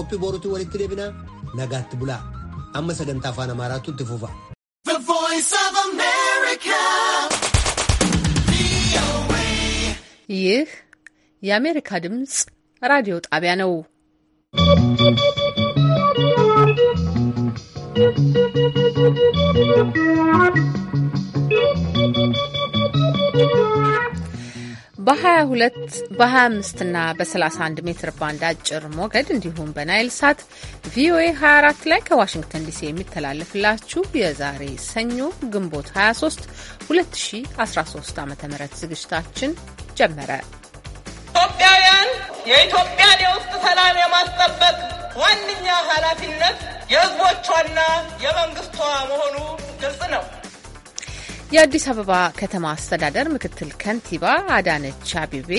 qophii boruutiin walitti deebinaa nagaatti bulaa amma sagantaa afaan amaaraatti itti fufa. ይህ የአሜሪካ ድምፅ ራዲዮ ጣቢያ ነው። ¶¶ በ22 በ25 ና በ31 ሜትር ባንድ አጭር ሞገድ እንዲሁም በናይል ሳት ቪኦኤ 24 ላይ ከዋሽንግተን ዲሲ የሚተላለፍላችሁ የዛሬ ሰኞ ግንቦት 23 2013 ዓ ም ዝግጅታችን ጀመረ። ኢትዮጵያውያን የኢትዮጵያን የውስጥ ሰላም የማስጠበቅ ዋነኛ ኃላፊነት የህዝቦቿና የመንግስቷ መሆኑ ግልጽ ነው። የአዲስ አበባ ከተማ አስተዳደር ምክትል ከንቲባ አዳነች አቤቤ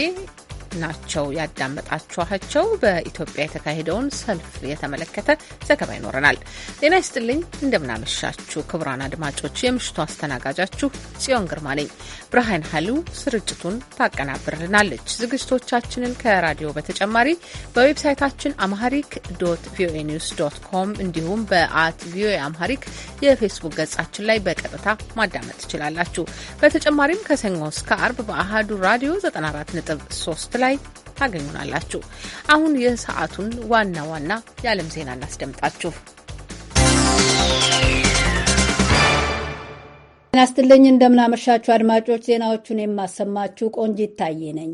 ናቸው ያዳመጣችኋቸው። በኢትዮጵያ የተካሄደውን ሰልፍ የተመለከተ ዘገባ ይኖረናል። ጤና ይስጥልኝ፣ እንደምናመሻችሁ ክቡራን አድማጮች፣ የምሽቱ አስተናጋጃችሁ ጽዮን ግርማ ነኝ። ብርሃን ሀሉ ስርጭቱን ታቀናብርልናለች። ዝግጅቶቻችንን ከራዲዮ በተጨማሪ በዌብሳይታችን አምሃሪክ ዶት ቪኦኤ ኒውስ ዶት ኮም እንዲሁም በአት ቪኦኤ አምሃሪክ የፌስቡክ ገጻችን ላይ በቀጥታ ማዳመጥ ትችላላችሁ። በተጨማሪም ከሰኞ እስከ አርብ በአህዱ ራዲዮ 94.3 ላይ ታገኙናላችሁ። አሁን የሰዓቱን ዋና ዋና የዓለም ዜና እናስደምጣችሁ። ናስትልኝ ይስጥልኝ እንደምናመሻችሁ አድማጮች፣ ዜናዎቹን የማሰማችሁ ቆንጅ ታዬ ነኝ።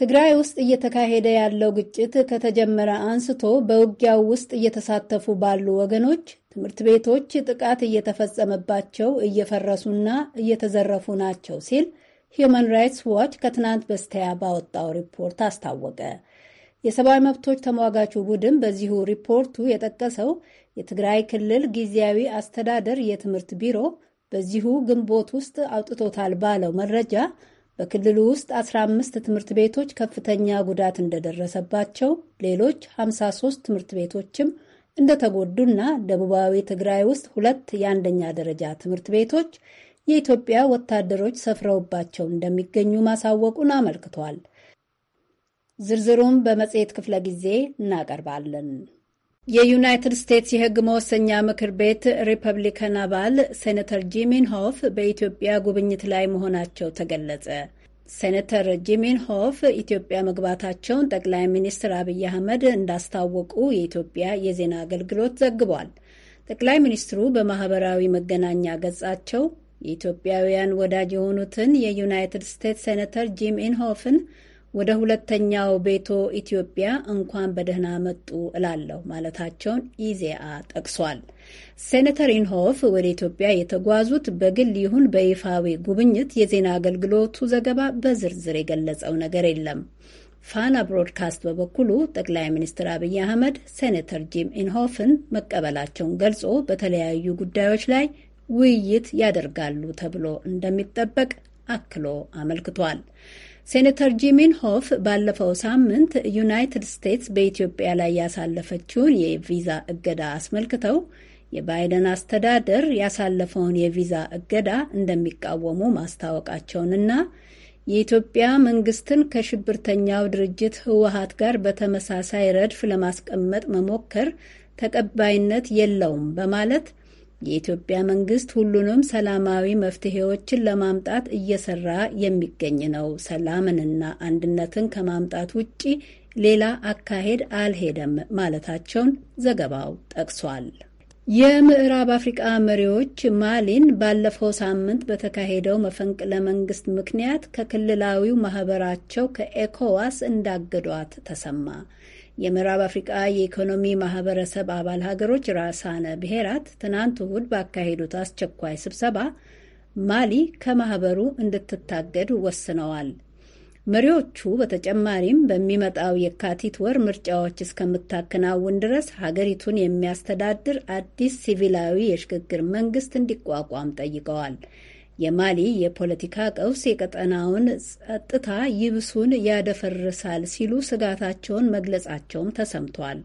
ትግራይ ውስጥ እየተካሄደ ያለው ግጭት ከተጀመረ አንስቶ በውጊያው ውስጥ እየተሳተፉ ባሉ ወገኖች ትምህርት ቤቶች ጥቃት እየተፈጸመባቸው እየፈረሱና እየተዘረፉ ናቸው ሲል ሂዩማን ራይትስ ዋች ከትናንት በስቲያ ባወጣው ሪፖርት አስታወቀ። የሰብአዊ መብቶች ተሟጋቹ ቡድን በዚሁ ሪፖርቱ የጠቀሰው የትግራይ ክልል ጊዜያዊ አስተዳደር የትምህርት ቢሮ በዚሁ ግንቦት ውስጥ አውጥቶታል ባለው መረጃ በክልሉ ውስጥ 15 ትምህርት ቤቶች ከፍተኛ ጉዳት እንደደረሰባቸው፣ ሌሎች 53 ትምህርት ቤቶችም እንደተጎዱና ደቡባዊ ትግራይ ውስጥ ሁለት የአንደኛ ደረጃ ትምህርት ቤቶች የኢትዮጵያ ወታደሮች ሰፍረውባቸው እንደሚገኙ ማሳወቁን አመልክቷል። ዝርዝሩም በመጽሔት ክፍለ ጊዜ እናቀርባለን። የዩናይትድ ስቴትስ የሕግ መወሰኛ ምክር ቤት ሪፐብሊካን አባል ሴኔተር ሆፍ በኢትዮጵያ ጉብኝት ላይ መሆናቸው ተገለጸ። ሴኔተር ጂሚንሆፍ ኢትዮጵያ መግባታቸውን ጠቅላይ ሚኒስትር አብይ አህመድ እንዳስታወቁ የኢትዮጵያ የዜና አገልግሎት ዘግቧል። ጠቅላይ ሚኒስትሩ በማህበራዊ መገናኛ ገጻቸው የኢትዮጵያውያን ወዳጅ የሆኑትን የዩናይትድ ስቴትስ ሴኔተር ጂም ኢንሆፍን ወደ ሁለተኛው ቤቶ ኢትዮጵያ እንኳን በደህና መጡ እላለሁ ማለታቸውን ኢዜአ ጠቅሷል። ሴኔተር ኢንሆፍ ወደ ኢትዮጵያ የተጓዙት በግል ይሁን በይፋዊ ጉብኝት የዜና አገልግሎቱ ዘገባ በዝርዝር የገለጸው ነገር የለም። ፋና ብሮድካስት በበኩሉ ጠቅላይ ሚኒስትር አብይ አህመድ ሴኔተር ጂም ኢንሆፍን መቀበላቸውን ገልጾ በተለያዩ ጉዳዮች ላይ ውይይት ያደርጋሉ ተብሎ እንደሚጠበቅ አክሎ አመልክቷል። ሴኔተር ጂሚን ሆፍ ባለፈው ሳምንት ዩናይትድ ስቴትስ በኢትዮጵያ ላይ ያሳለፈችውን የቪዛ እገዳ አስመልክተው የባይደን አስተዳደር ያሳለፈውን የቪዛ እገዳ እንደሚቃወሙ ማስታወቃቸውንና የኢትዮጵያ መንግስትን ከሽብርተኛው ድርጅት ህወሀት ጋር በተመሳሳይ ረድፍ ለማስቀመጥ መሞከር ተቀባይነት የለውም በማለት የኢትዮጵያ መንግስት ሁሉንም ሰላማዊ መፍትሄዎችን ለማምጣት እየሰራ የሚገኝ ነው። ሰላምንና አንድነትን ከማምጣት ውጪ ሌላ አካሄድ አልሄደም ማለታቸውን ዘገባው ጠቅሷል። የምዕራብ አፍሪቃ መሪዎች ማሊን ባለፈው ሳምንት በተካሄደው መፈንቅለ መንግስት ምክንያት ከክልላዊው ማህበራቸው ከኤኮዋስ እንዳገዷት ተሰማ። የምዕራብ አፍሪቃ የኢኮኖሚ ማህበረሰብ አባል ሀገሮች ራሳነ ብሔራት ትናንት እሁድ ባካሄዱት አስቸኳይ ስብሰባ ማሊ ከማህበሩ እንድትታገድ ወስነዋል። መሪዎቹ በተጨማሪም በሚመጣው የካቲት ወር ምርጫዎች እስከምታከናውን ድረስ ሀገሪቱን የሚያስተዳድር አዲስ ሲቪላዊ የሽግግር መንግስት እንዲቋቋም ጠይቀዋል። የማሊ የፖለቲካ ቀውስ የቀጠናውን ጸጥታ ይብሱን ያደፈርሳል ሲሉ ስጋታቸውን መግለጻቸውም ተሰምቷል።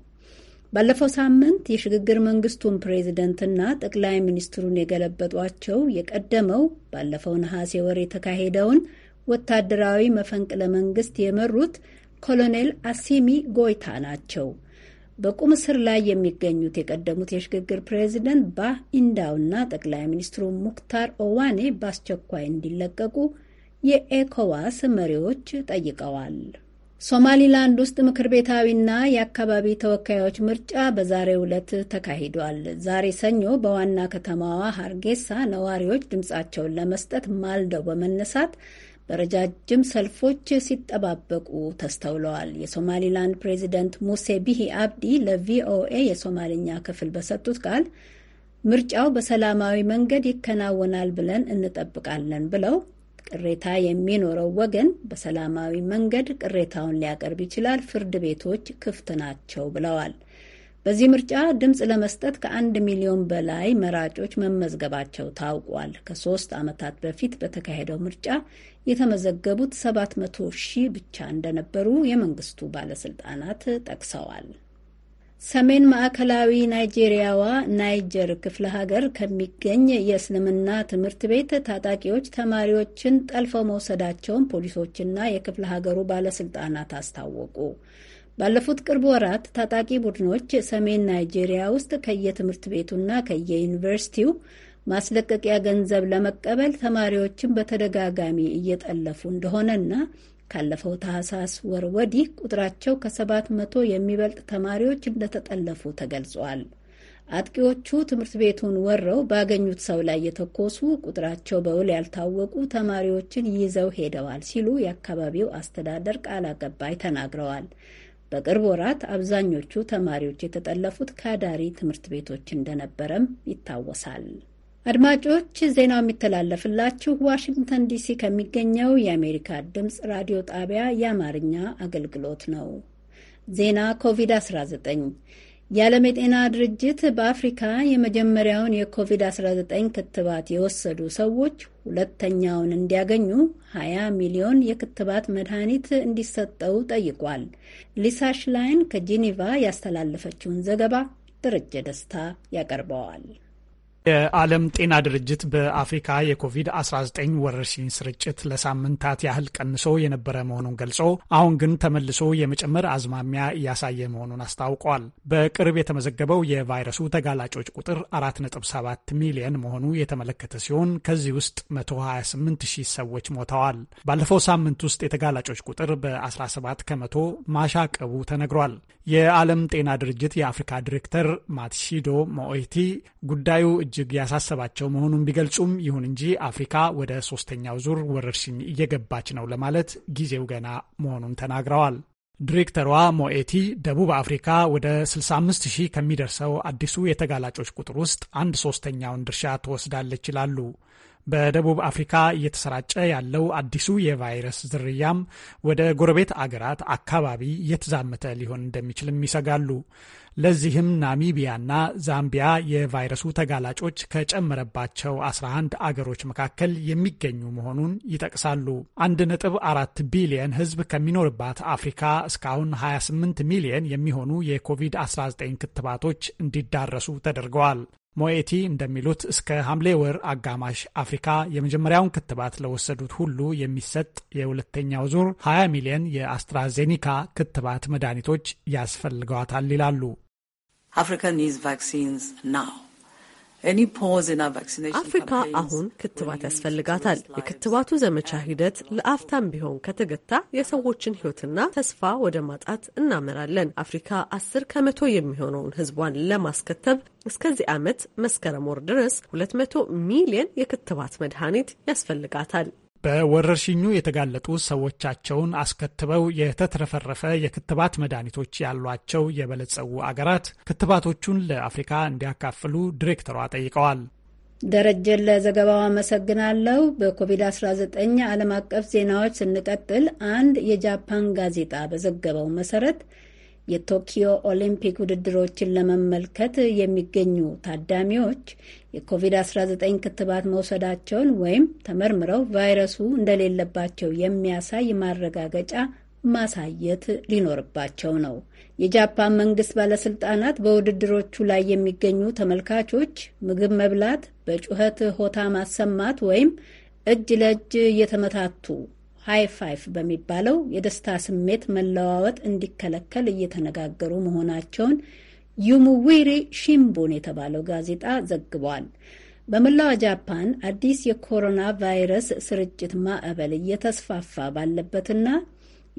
ባለፈው ሳምንት የሽግግር መንግስቱን ፕሬዚደንትና ጠቅላይ ሚኒስትሩን የገለበጧቸው የቀደመው ባለፈው ነሐሴ ወር የተካሄደውን ወታደራዊ መፈንቅለ መንግስት የመሩት ኮሎኔል አሲሚ ጎይታ ናቸው። በቁም እስር ላይ የሚገኙት የቀደሙት የሽግግር ፕሬዚደንት ባህ ኢንዳውና ጠቅላይ ሚኒስትሩ ሙክታር ኦዋኔ በአስቸኳይ እንዲለቀቁ የኤኮዋስ መሪዎች ጠይቀዋል። ሶማሊላንድ ውስጥ ምክር ቤታዊና የአካባቢ ተወካዮች ምርጫ በዛሬው ዕለት ተካሂዷል። ዛሬ ሰኞ በዋና ከተማዋ ሀርጌሳ ነዋሪዎች ድምፃቸውን ለመስጠት ማልደው በመነሳት በረጃጅም ሰልፎች ሲጠባበቁ ተስተውለዋል። የሶማሊላንድ ፕሬዚደንት ሙሴ ቢሂ አብዲ ለቪኦኤ የሶማልኛ ክፍል በሰጡት ቃል ምርጫው በሰላማዊ መንገድ ይከናወናል ብለን እንጠብቃለን ብለው ቅሬታ የሚኖረው ወገን በሰላማዊ መንገድ ቅሬታውን ሊያቀርብ ይችላል፣ ፍርድ ቤቶች ክፍት ናቸው ብለዋል። በዚህ ምርጫ ድምፅ ለመስጠት ከአንድ ሚሊዮን በላይ መራጮች መመዝገባቸው ታውቋል። ከሶስት ዓመታት በፊት በተካሄደው ምርጫ የተመዘገቡት 700 ሺህ ብቻ እንደነበሩ የመንግስቱ ባለስልጣናት ጠቅሰዋል። ሰሜን ማዕከላዊ ናይጄሪያዋ ናይጀር ክፍለ ሀገር ከሚገኝ የእስልምና ትምህርት ቤት ታጣቂዎች ተማሪዎችን ጠልፈው መውሰዳቸውን ፖሊሶችና የክፍለ ሀገሩ ባለስልጣናት አስታወቁ። ባለፉት ቅርብ ወራት ታጣቂ ቡድኖች ሰሜን ናይጄሪያ ውስጥ ከየትምህርት ቤቱና ከየዩኒቨርሲቲው ማስለቀቂያ ገንዘብ ለመቀበል ተማሪዎችን በተደጋጋሚ እየጠለፉ እንደሆነና ካለፈው ታህሳስ ወር ወዲህ ቁጥራቸው ከሰባት መቶ የሚበልጥ ተማሪዎች እንደተጠለፉ ተገልጿል። አጥቂዎቹ ትምህርት ቤቱን ወረው ባገኙት ሰው ላይ የተኮሱ ቁጥራቸው በውል ያልታወቁ ተማሪዎችን ይዘው ሄደዋል ሲሉ የአካባቢው አስተዳደር ቃል አቀባይ ተናግረዋል። በቅርብ ወራት አብዛኞቹ ተማሪዎች የተጠለፉት ከአዳሪ ትምህርት ቤቶች እንደነበረም ይታወሳል። አድማጮች ዜናው የሚተላለፍላችሁ ዋሽንግተን ዲሲ ከሚገኘው የአሜሪካ ድምፅ ራዲዮ ጣቢያ የአማርኛ አገልግሎት ነው። ዜና ኮቪድ-19 የዓለም የጤና ድርጅት በአፍሪካ የመጀመሪያውን የኮቪድ-19 ክትባት የወሰዱ ሰዎች ሁለተኛውን እንዲያገኙ 20 ሚሊዮን የክትባት መድኃኒት እንዲሰጠው ጠይቋል። ሊሳ ሽላይን ከጄኔቫ ያስተላለፈችውን ዘገባ ደረጀ ደስታ ያቀርበዋል። የዓለም ጤና ድርጅት በአፍሪካ የኮቪድ-19 ወረርሽኝ ስርጭት ለሳምንታት ያህል ቀንሶ የነበረ መሆኑን ገልጾ አሁን ግን ተመልሶ የመጨመር አዝማሚያ እያሳየ መሆኑን አስታውቋል። በቅርብ የተመዘገበው የቫይረሱ ተጋላጮች ቁጥር 4.7 ሚሊየን መሆኑ የተመለከተ ሲሆን ከዚህ ውስጥ 128 ሺህ ሰዎች ሞተዋል። ባለፈው ሳምንት ውስጥ የተጋላጮች ቁጥር በ17 ከመቶ ማሻቀቡ ተነግሯል። የዓለም ጤና ድርጅት የአፍሪካ ዲሬክተር ማትሺዶ ሞኤቲ ጉዳዩ እጅግ ያሳሰባቸው መሆኑን ቢገልጹም ይሁን እንጂ አፍሪካ ወደ ሶስተኛው ዙር ወረርሽኝ እየገባች ነው ለማለት ጊዜው ገና መሆኑን ተናግረዋል። ዲሬክተሯ ሞኤቲ ደቡብ አፍሪካ ወደ 65 ሺህ ከሚደርሰው አዲሱ የተጋላጮች ቁጥር ውስጥ አንድ ሶስተኛውን ድርሻ ትወስዳለች ይላሉ። በደቡብ አፍሪካ እየተሰራጨ ያለው አዲሱ የቫይረስ ዝርያም ወደ ጎረቤት አገራት አካባቢ እየተዛመተ ሊሆን እንደሚችልም ይሰጋሉ። ለዚህም ናሚቢያና ዛምቢያ የቫይረሱ ተጋላጮች ከጨመረባቸው 11 አገሮች መካከል የሚገኙ መሆኑን ይጠቅሳሉ። 1.4 ቢሊየን ሕዝብ ከሚኖርባት አፍሪካ እስካሁን 28 ሚሊየን የሚሆኑ የኮቪድ-19 ክትባቶች እንዲዳረሱ ተደርገዋል። ሞኤቲ እንደሚሉት እስከ ሐምሌ ወር አጋማሽ አፍሪካ የመጀመሪያውን ክትባት ለወሰዱት ሁሉ የሚሰጥ የሁለተኛው ዙር 20 ሚሊዮን የአስትራዜኒካ ክትባት መድኃኒቶች ያስፈልገዋታል ይላሉ። አፍሪካ ኒድስ ቫክሲንስ ናው አፍሪካ አሁን ክትባት ያስፈልጋታል። የክትባቱ ዘመቻ ሂደት ለአፍታም ቢሆን ከተገታ የሰዎችን ሕይወትና ተስፋ ወደ ማጣት እናመራለን። አፍሪካ አስር ከመቶ የሚሆነውን ሕዝቧን ለማስከተብ እስከዚህ ዓመት መስከረም ወር ድረስ 200 ሚሊየን የክትባት መድኃኒት ያስፈልጋታል። በወረርሽኙ የተጋለጡ ሰዎቻቸውን አስከትበው የተትረፈረፈ የክትባት መድኃኒቶች ያሏቸው የበለጸጉ አገራት ክትባቶቹን ለአፍሪካ እንዲያካፍሉ ዲሬክተሯ ጠይቀዋል። ደረጀን ለዘገባው አመሰግናለሁ። በኮቪድ-19 ዓለም አቀፍ ዜናዎች ስንቀጥል አንድ የጃፓን ጋዜጣ በዘገበው መሰረት የቶኪዮ ኦሊምፒክ ውድድሮችን ለመመልከት የሚገኙ ታዳሚዎች የኮቪድ-19 ክትባት መውሰዳቸውን ወይም ተመርምረው ቫይረሱ እንደሌለባቸው የሚያሳይ ማረጋገጫ ማሳየት ሊኖርባቸው ነው። የጃፓን መንግስት ባለስልጣናት በውድድሮቹ ላይ የሚገኙ ተመልካቾች ምግብ መብላት፣ በጩኸት ሆታ ማሰማት ወይም እጅ ለእጅ እየተመታቱ ሃይ ፋይፍ በሚባለው የደስታ ስሜት መለዋወጥ እንዲከለከል እየተነጋገሩ መሆናቸውን ዩሙዊሪ ሺምቡን የተባለው ጋዜጣ ዘግቧል። በመላዋ ጃፓን አዲስ የኮሮና ቫይረስ ስርጭት ማዕበል እየተስፋፋ ባለበትና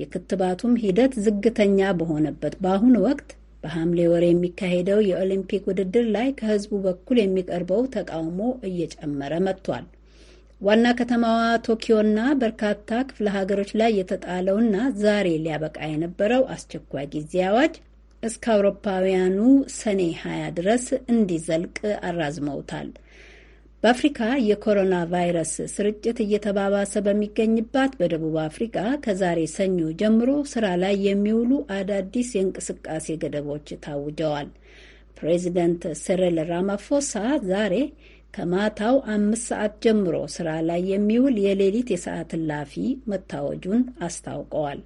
የክትባቱም ሂደት ዝግተኛ በሆነበት በአሁኑ ወቅት በሐምሌ ወር የሚካሄደው የኦሊምፒክ ውድድር ላይ ከህዝቡ በኩል የሚቀርበው ተቃውሞ እየጨመረ መጥቷል። ዋና ከተማዋ ቶኪዮና በርካታ ክፍለ ሀገሮች ላይ የተጣለውና ዛሬ ሊያበቃ የነበረው አስቸኳይ ጊዜ አዋጅ እስከ አውሮፓውያኑ ሰኔ 20 ድረስ እንዲዘልቅ አራዝመውታል። በአፍሪካ የኮሮና ቫይረስ ስርጭት እየተባባሰ በሚገኝባት በደቡብ አፍሪካ ከዛሬ ሰኞ ጀምሮ ስራ ላይ የሚውሉ አዳዲስ የእንቅስቃሴ ገደቦች ታውጀዋል። ፕሬዚደንት ሲሪል ራማፎሳ ዛሬ ከማታው አምስት ሰዓት ጀምሮ ስራ ላይ የሚውል የሌሊት የሰዓት እላፊ መታወጁን አስታውቀዋል።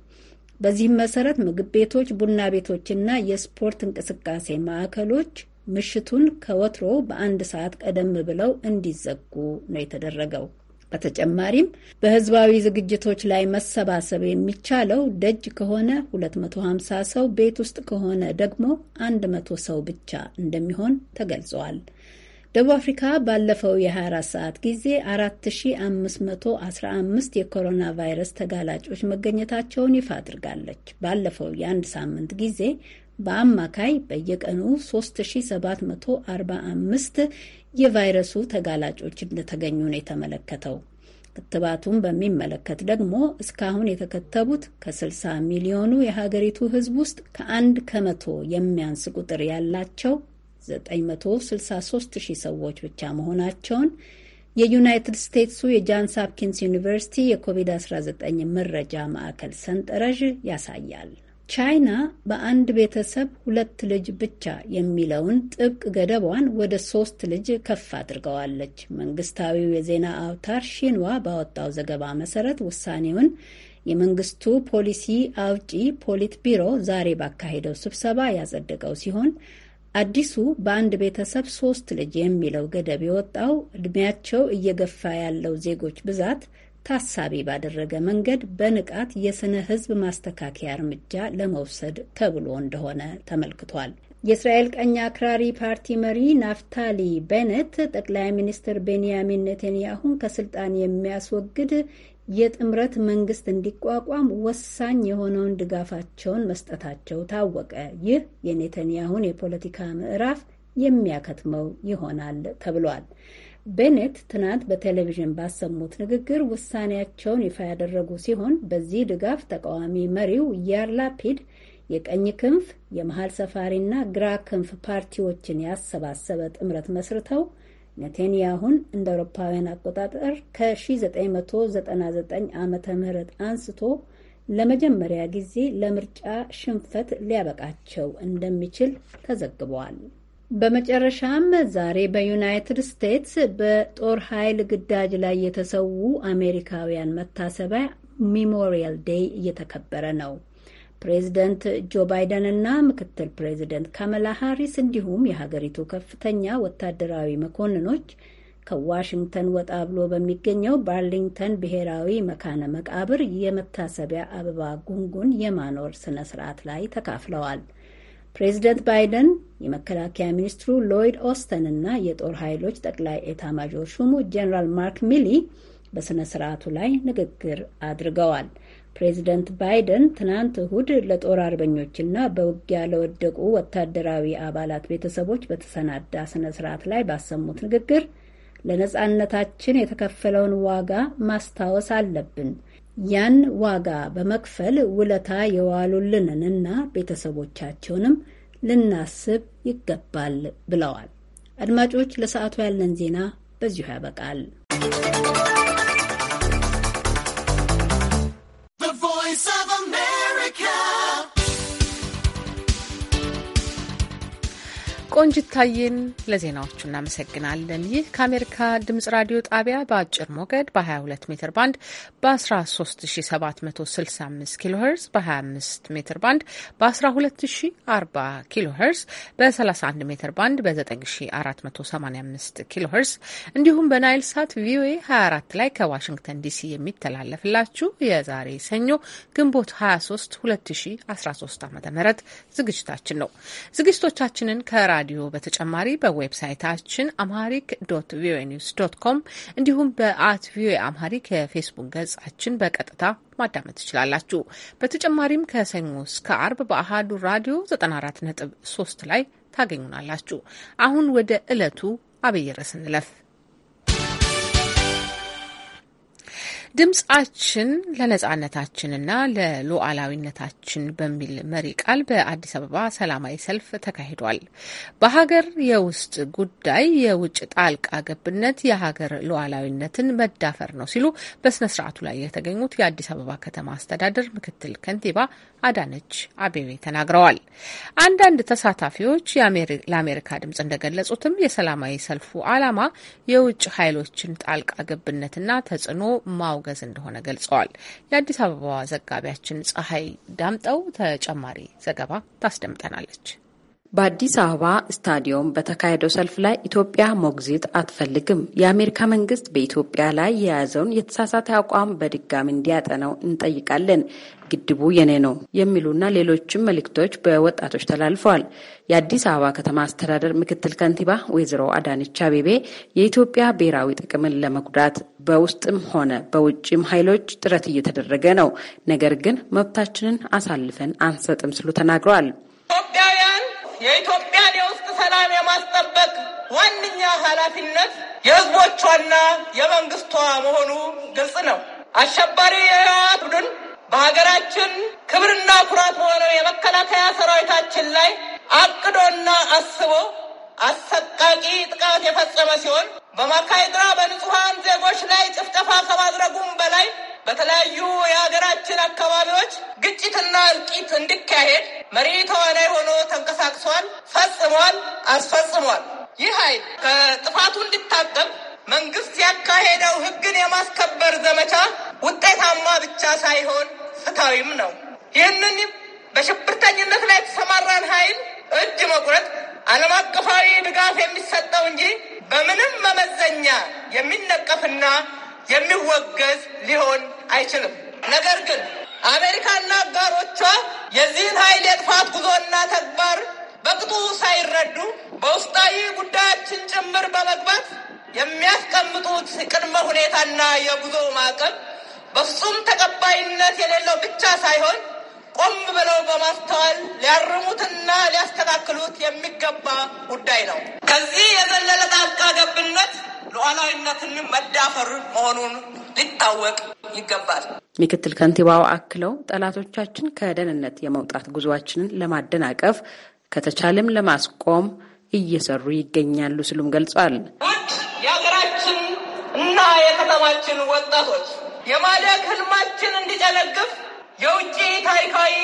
በዚህም መሰረት ምግብ ቤቶች፣ ቡና ቤቶችና የስፖርት እንቅስቃሴ ማዕከሎች ምሽቱን ከወትሮ በአንድ ሰዓት ቀደም ብለው እንዲዘጉ ነው የተደረገው። በተጨማሪም በህዝባዊ ዝግጅቶች ላይ መሰባሰብ የሚቻለው ደጅ ከሆነ 250 ሰው፣ ቤት ውስጥ ከሆነ ደግሞ 100 ሰው ብቻ እንደሚሆን ተገልጿል። ደቡብ አፍሪካ ባለፈው የ24 ሰዓት ጊዜ 4515 የኮሮና ቫይረስ ተጋላጮች መገኘታቸውን ይፋ አድርጋለች። ባለፈው የአንድ ሳምንት ጊዜ በአማካይ በየቀኑ 3745 የቫይረሱ ተጋላጮች እንደተገኙ ነው የተመለከተው። ክትባቱን በሚመለከት ደግሞ እስካሁን የተከተቡት ከ60 ሚሊዮኑ የሀገሪቱ ሕዝብ ውስጥ ከአንድ ከመቶ የሚያንስ ቁጥር ያላቸው 963 ሰዎች ብቻ መሆናቸውን የዩናይትድ ስቴትሱ የጃንስ ሀፕኪንስ ዩኒቨርሲቲ የኮቪድ-19 መረጃ ማዕከል ሰንጠረዥ ያሳያል። ቻይና በአንድ ቤተሰብ ሁለት ልጅ ብቻ የሚለውን ጥብቅ ገደቧን ወደ ሶስት ልጅ ከፍ አድርገዋለች። መንግስታዊው የዜና አውታር ሺንዋ ባወጣው ዘገባ መሰረት ውሳኔውን የመንግስቱ ፖሊሲ አውጪ ፖሊት ቢሮ ዛሬ ባካሄደው ስብሰባ ያጸደቀው ሲሆን አዲሱ በአንድ ቤተሰብ ሶስት ልጅ የሚለው ገደብ የወጣው እድሜያቸው እየገፋ ያለው ዜጎች ብዛት ታሳቢ ባደረገ መንገድ በንቃት የስነ ህዝብ ማስተካከያ እርምጃ ለመውሰድ ተብሎ እንደሆነ ተመልክቷል። የእስራኤል ቀኝ አክራሪ ፓርቲ መሪ ናፍታሊ ቤኔት ጠቅላይ ሚኒስትር ቤንያሚን ኔተንያሁን ከስልጣን የሚያስወግድ የጥምረት መንግስት እንዲቋቋም ወሳኝ የሆነውን ድጋፋቸውን መስጠታቸው ታወቀ። ይህ የኔተንያሁን የፖለቲካ ምዕራፍ የሚያከትመው ይሆናል ተብሏል። ቤኔት ትናንት በቴሌቪዥን ባሰሙት ንግግር ውሳኔያቸውን ይፋ ያደረጉ ሲሆን በዚህ ድጋፍ ተቃዋሚ መሪው ያር ላፒድ የቀኝ ክንፍ፣ የመሀል ሰፋሪና ግራ ክንፍ ፓርቲዎችን ያሰባሰበ ጥምረት መስርተው ኔቴንያሁን እንደ አውሮፓውያን አቆጣጠር ከ1999 ዓመተ ምህረት አንስቶ ለመጀመሪያ ጊዜ ለምርጫ ሽንፈት ሊያበቃቸው እንደሚችል ተዘግቧል። በመጨረሻም ዛሬ በዩናይትድ ስቴትስ በጦር ኃይል ግዳጅ ላይ የተሰዉ አሜሪካውያን መታሰቢያ ሚሞሪያል ዴይ እየተከበረ ነው። ፕሬዝደንት ጆ ባይደንና ምክትል ፕሬዝደንት ካመላ ሃሪስ እንዲሁም የሀገሪቱ ከፍተኛ ወታደራዊ መኮንኖች ከዋሽንግተን ወጣ ብሎ በሚገኘው ባርሊንግተን ብሔራዊ መካነ መቃብር የመታሰቢያ አበባ ጉንጉን የማኖር ስነ ስርዓት ላይ ተካፍለዋል። ፕሬዚደንት ባይደን፣ የመከላከያ ሚኒስትሩ ሎይድ ኦስተን እና የጦር ኃይሎች ጠቅላይ ኤታማዦር ሹሙ ጀኔራል ማርክ ሚሊ በስነ ስርዓቱ ላይ ንግግር አድርገዋል። ፕሬዚደንት ባይደን ትናንት እሁድ ለጦር አርበኞችና በውጊያ ለወደቁ ወታደራዊ አባላት ቤተሰቦች በተሰናዳ ስነ ስርዓት ላይ ባሰሙት ንግግር ለነጻነታችን የተከፈለውን ዋጋ ማስታወስ አለብን፣ ያን ዋጋ በመክፈል ውለታ የዋሉልንን እና ቤተሰቦቻቸውንም ልናስብ ይገባል ብለዋል። አድማጮች፣ ለሰዓቱ ያለን ዜና በዚሁ ያበቃል። ቆንጅታዬን ለዜናዎቹ እናመሰግናለን። ይህ ከአሜሪካ ድምጽ ራዲዮ ጣቢያ በአጭር ሞገድ በ22 ሜትር ባንድ በ13765 ኪሎ ሄርዝ በ25 ሜትር ባንድ በ1240 ኪሎ ሄርዝ በ31 ሜትር ባንድ በ9485 ኪሎ ሄርዝ እንዲሁም በናይል ሳት ቪኦኤ 24 ላይ ከዋሽንግተን ዲሲ የሚተላለፍላችሁ የዛሬ ሰኞ ግንቦት 23 2013 ዓ ም ዝግጅታችን ነው። ዝግጅቶቻችንን ከራ ከራዲዮ በተጨማሪ በዌብሳይታችን አምሃሪክ ዶት ቪኦኤ ኒውስ ዶት ኮም እንዲሁም በአት ቪኦኤ አምሃሪክ የፌስቡክ ገጻችን በቀጥታ ማዳመጥ ትችላላችሁ። በተጨማሪም ከሰኞ እስከ አርብ በአህዱ ራዲዮ 94.3 ላይ ታገኙናላችሁ። አሁን ወደ ዕለቱ አብይ ርዕስ እንለፍ። ድምጻችን ለነጻነታችንና ለሉዓላዊነታችን በሚል መሪ ቃል በአዲስ አበባ ሰላማዊ ሰልፍ ተካሂዷል። በሀገር የውስጥ ጉዳይ የውጭ ጣልቃ ገብነት የሀገር ሉዓላዊነትን መዳፈር ነው ሲሉ በስነ ስርዓቱ ላይ የተገኙት የአዲስ አበባ ከተማ አስተዳደር ምክትል ከንቲባ አዳነች አቤቤ ተናግረዋል። አንዳንድ ተሳታፊዎች ለአሜሪካ ድምጽ እንደገለጹትም የሰላማዊ ሰልፉ ዓላማ የውጭ ኃይሎችን ጣልቃ ገብነትና ተጽዕኖ ማውገዝ እንደሆነ ገልጸዋል። የአዲስ አበባ ዘጋቢያችን ፀሐይ ዳምጠው ተጨማሪ ዘገባ ታስደምጠናለች። በአዲስ አበባ ስታዲየም በተካሄደው ሰልፍ ላይ ኢትዮጵያ ሞግዚት አትፈልግም፣ የአሜሪካ መንግስት በኢትዮጵያ ላይ የያዘውን የተሳሳተ አቋም በድጋሚ እንዲያጠነው እንጠይቃለን፣ ግድቡ የኔ ነው የሚሉና ሌሎችም መልእክቶች በወጣቶች ተላልፈዋል። የአዲስ አበባ ከተማ አስተዳደር ምክትል ከንቲባ ወይዘሮ አዳነች አቤቤ የኢትዮጵያ ብሔራዊ ጥቅምን ለመጉዳት በውስጥም ሆነ በውጭም ኃይሎች ጥረት እየተደረገ ነው፣ ነገር ግን መብታችንን አሳልፈን አንሰጥም ሲሉ ተናግረዋል። የኢትዮጵያን የውስጥ ሰላም የማስጠበቅ ዋነኛ ኃላፊነት የህዝቦቿና የመንግስቷ መሆኑ ግልጽ ነው። አሸባሪ የህወሓት ቡድን በሀገራችን ክብርና ኩራት በሆነው የመከላከያ ሰራዊታችን ላይ አቅዶና አስቦ አሰቃቂ ጥቃት የፈጸመ ሲሆን በማካይድራ በንጹሐን ዜጎች ላይ ጭፍጨፋ ከማድረጉም በላይ በተለያዩ የሀገራችን አካባቢዎች ግጭትና እልቂት እንዲካሄድ መሪ ተዋናይ ሆኖ ተንቀሳቅሷል፣ ፈጽሟል፣ አስፈጽሟል። ይህ ኃይል ከጥፋቱ እንዲታቀብ መንግስት ያካሄደው ህግን የማስከበር ዘመቻ ውጤታማ ብቻ ሳይሆን ፍትሐዊም ነው። ይህንን በሽብርተኝነት ላይ የተሰማራን ኃይል እጅ መቁረጥ ዓለም አቀፋዊ ድጋፍ የሚሰጠው እንጂ በምንም መመዘኛ የሚነቀፍና የሚወገዝ ሊሆን አይችልም። ነገር ግን አሜሪካና አጋሮቿ የዚህን ኃይል የጥፋት ጉዞና ተግባር በቅጡ ሳይረዱ በውስጣዊ ጉዳያችን ጭምር በመግባት የሚያስቀምጡት ቅድመ ሁኔታና የጉዞ ማዕቀብ በፍጹም ተቀባይነት የሌለው ብቻ ሳይሆን ቆም ብለው በማስተዋል ሊያርሙትና ሊያስተካክሉት የሚገባ ጉዳይ ነው። ከዚህ የዘለለ ጣልቃ ገብነት ሉዓላዊነትንም መዳፈር መሆኑን ሊታወቅ ይገባል። ምክትል ከንቲባው አክለው ጠላቶቻችን ከደህንነት የመውጣት ጉዞአችንን ለማደናቀፍ ከተቻለም ለማስቆም እየሰሩ ይገኛሉ ሲሉም ገልጿል። ውድ የሀገራችን እና የከተማችን ወጣቶች የማደግ ህልማችን እንዲጨለግፍ የውጭ ታሪካዊ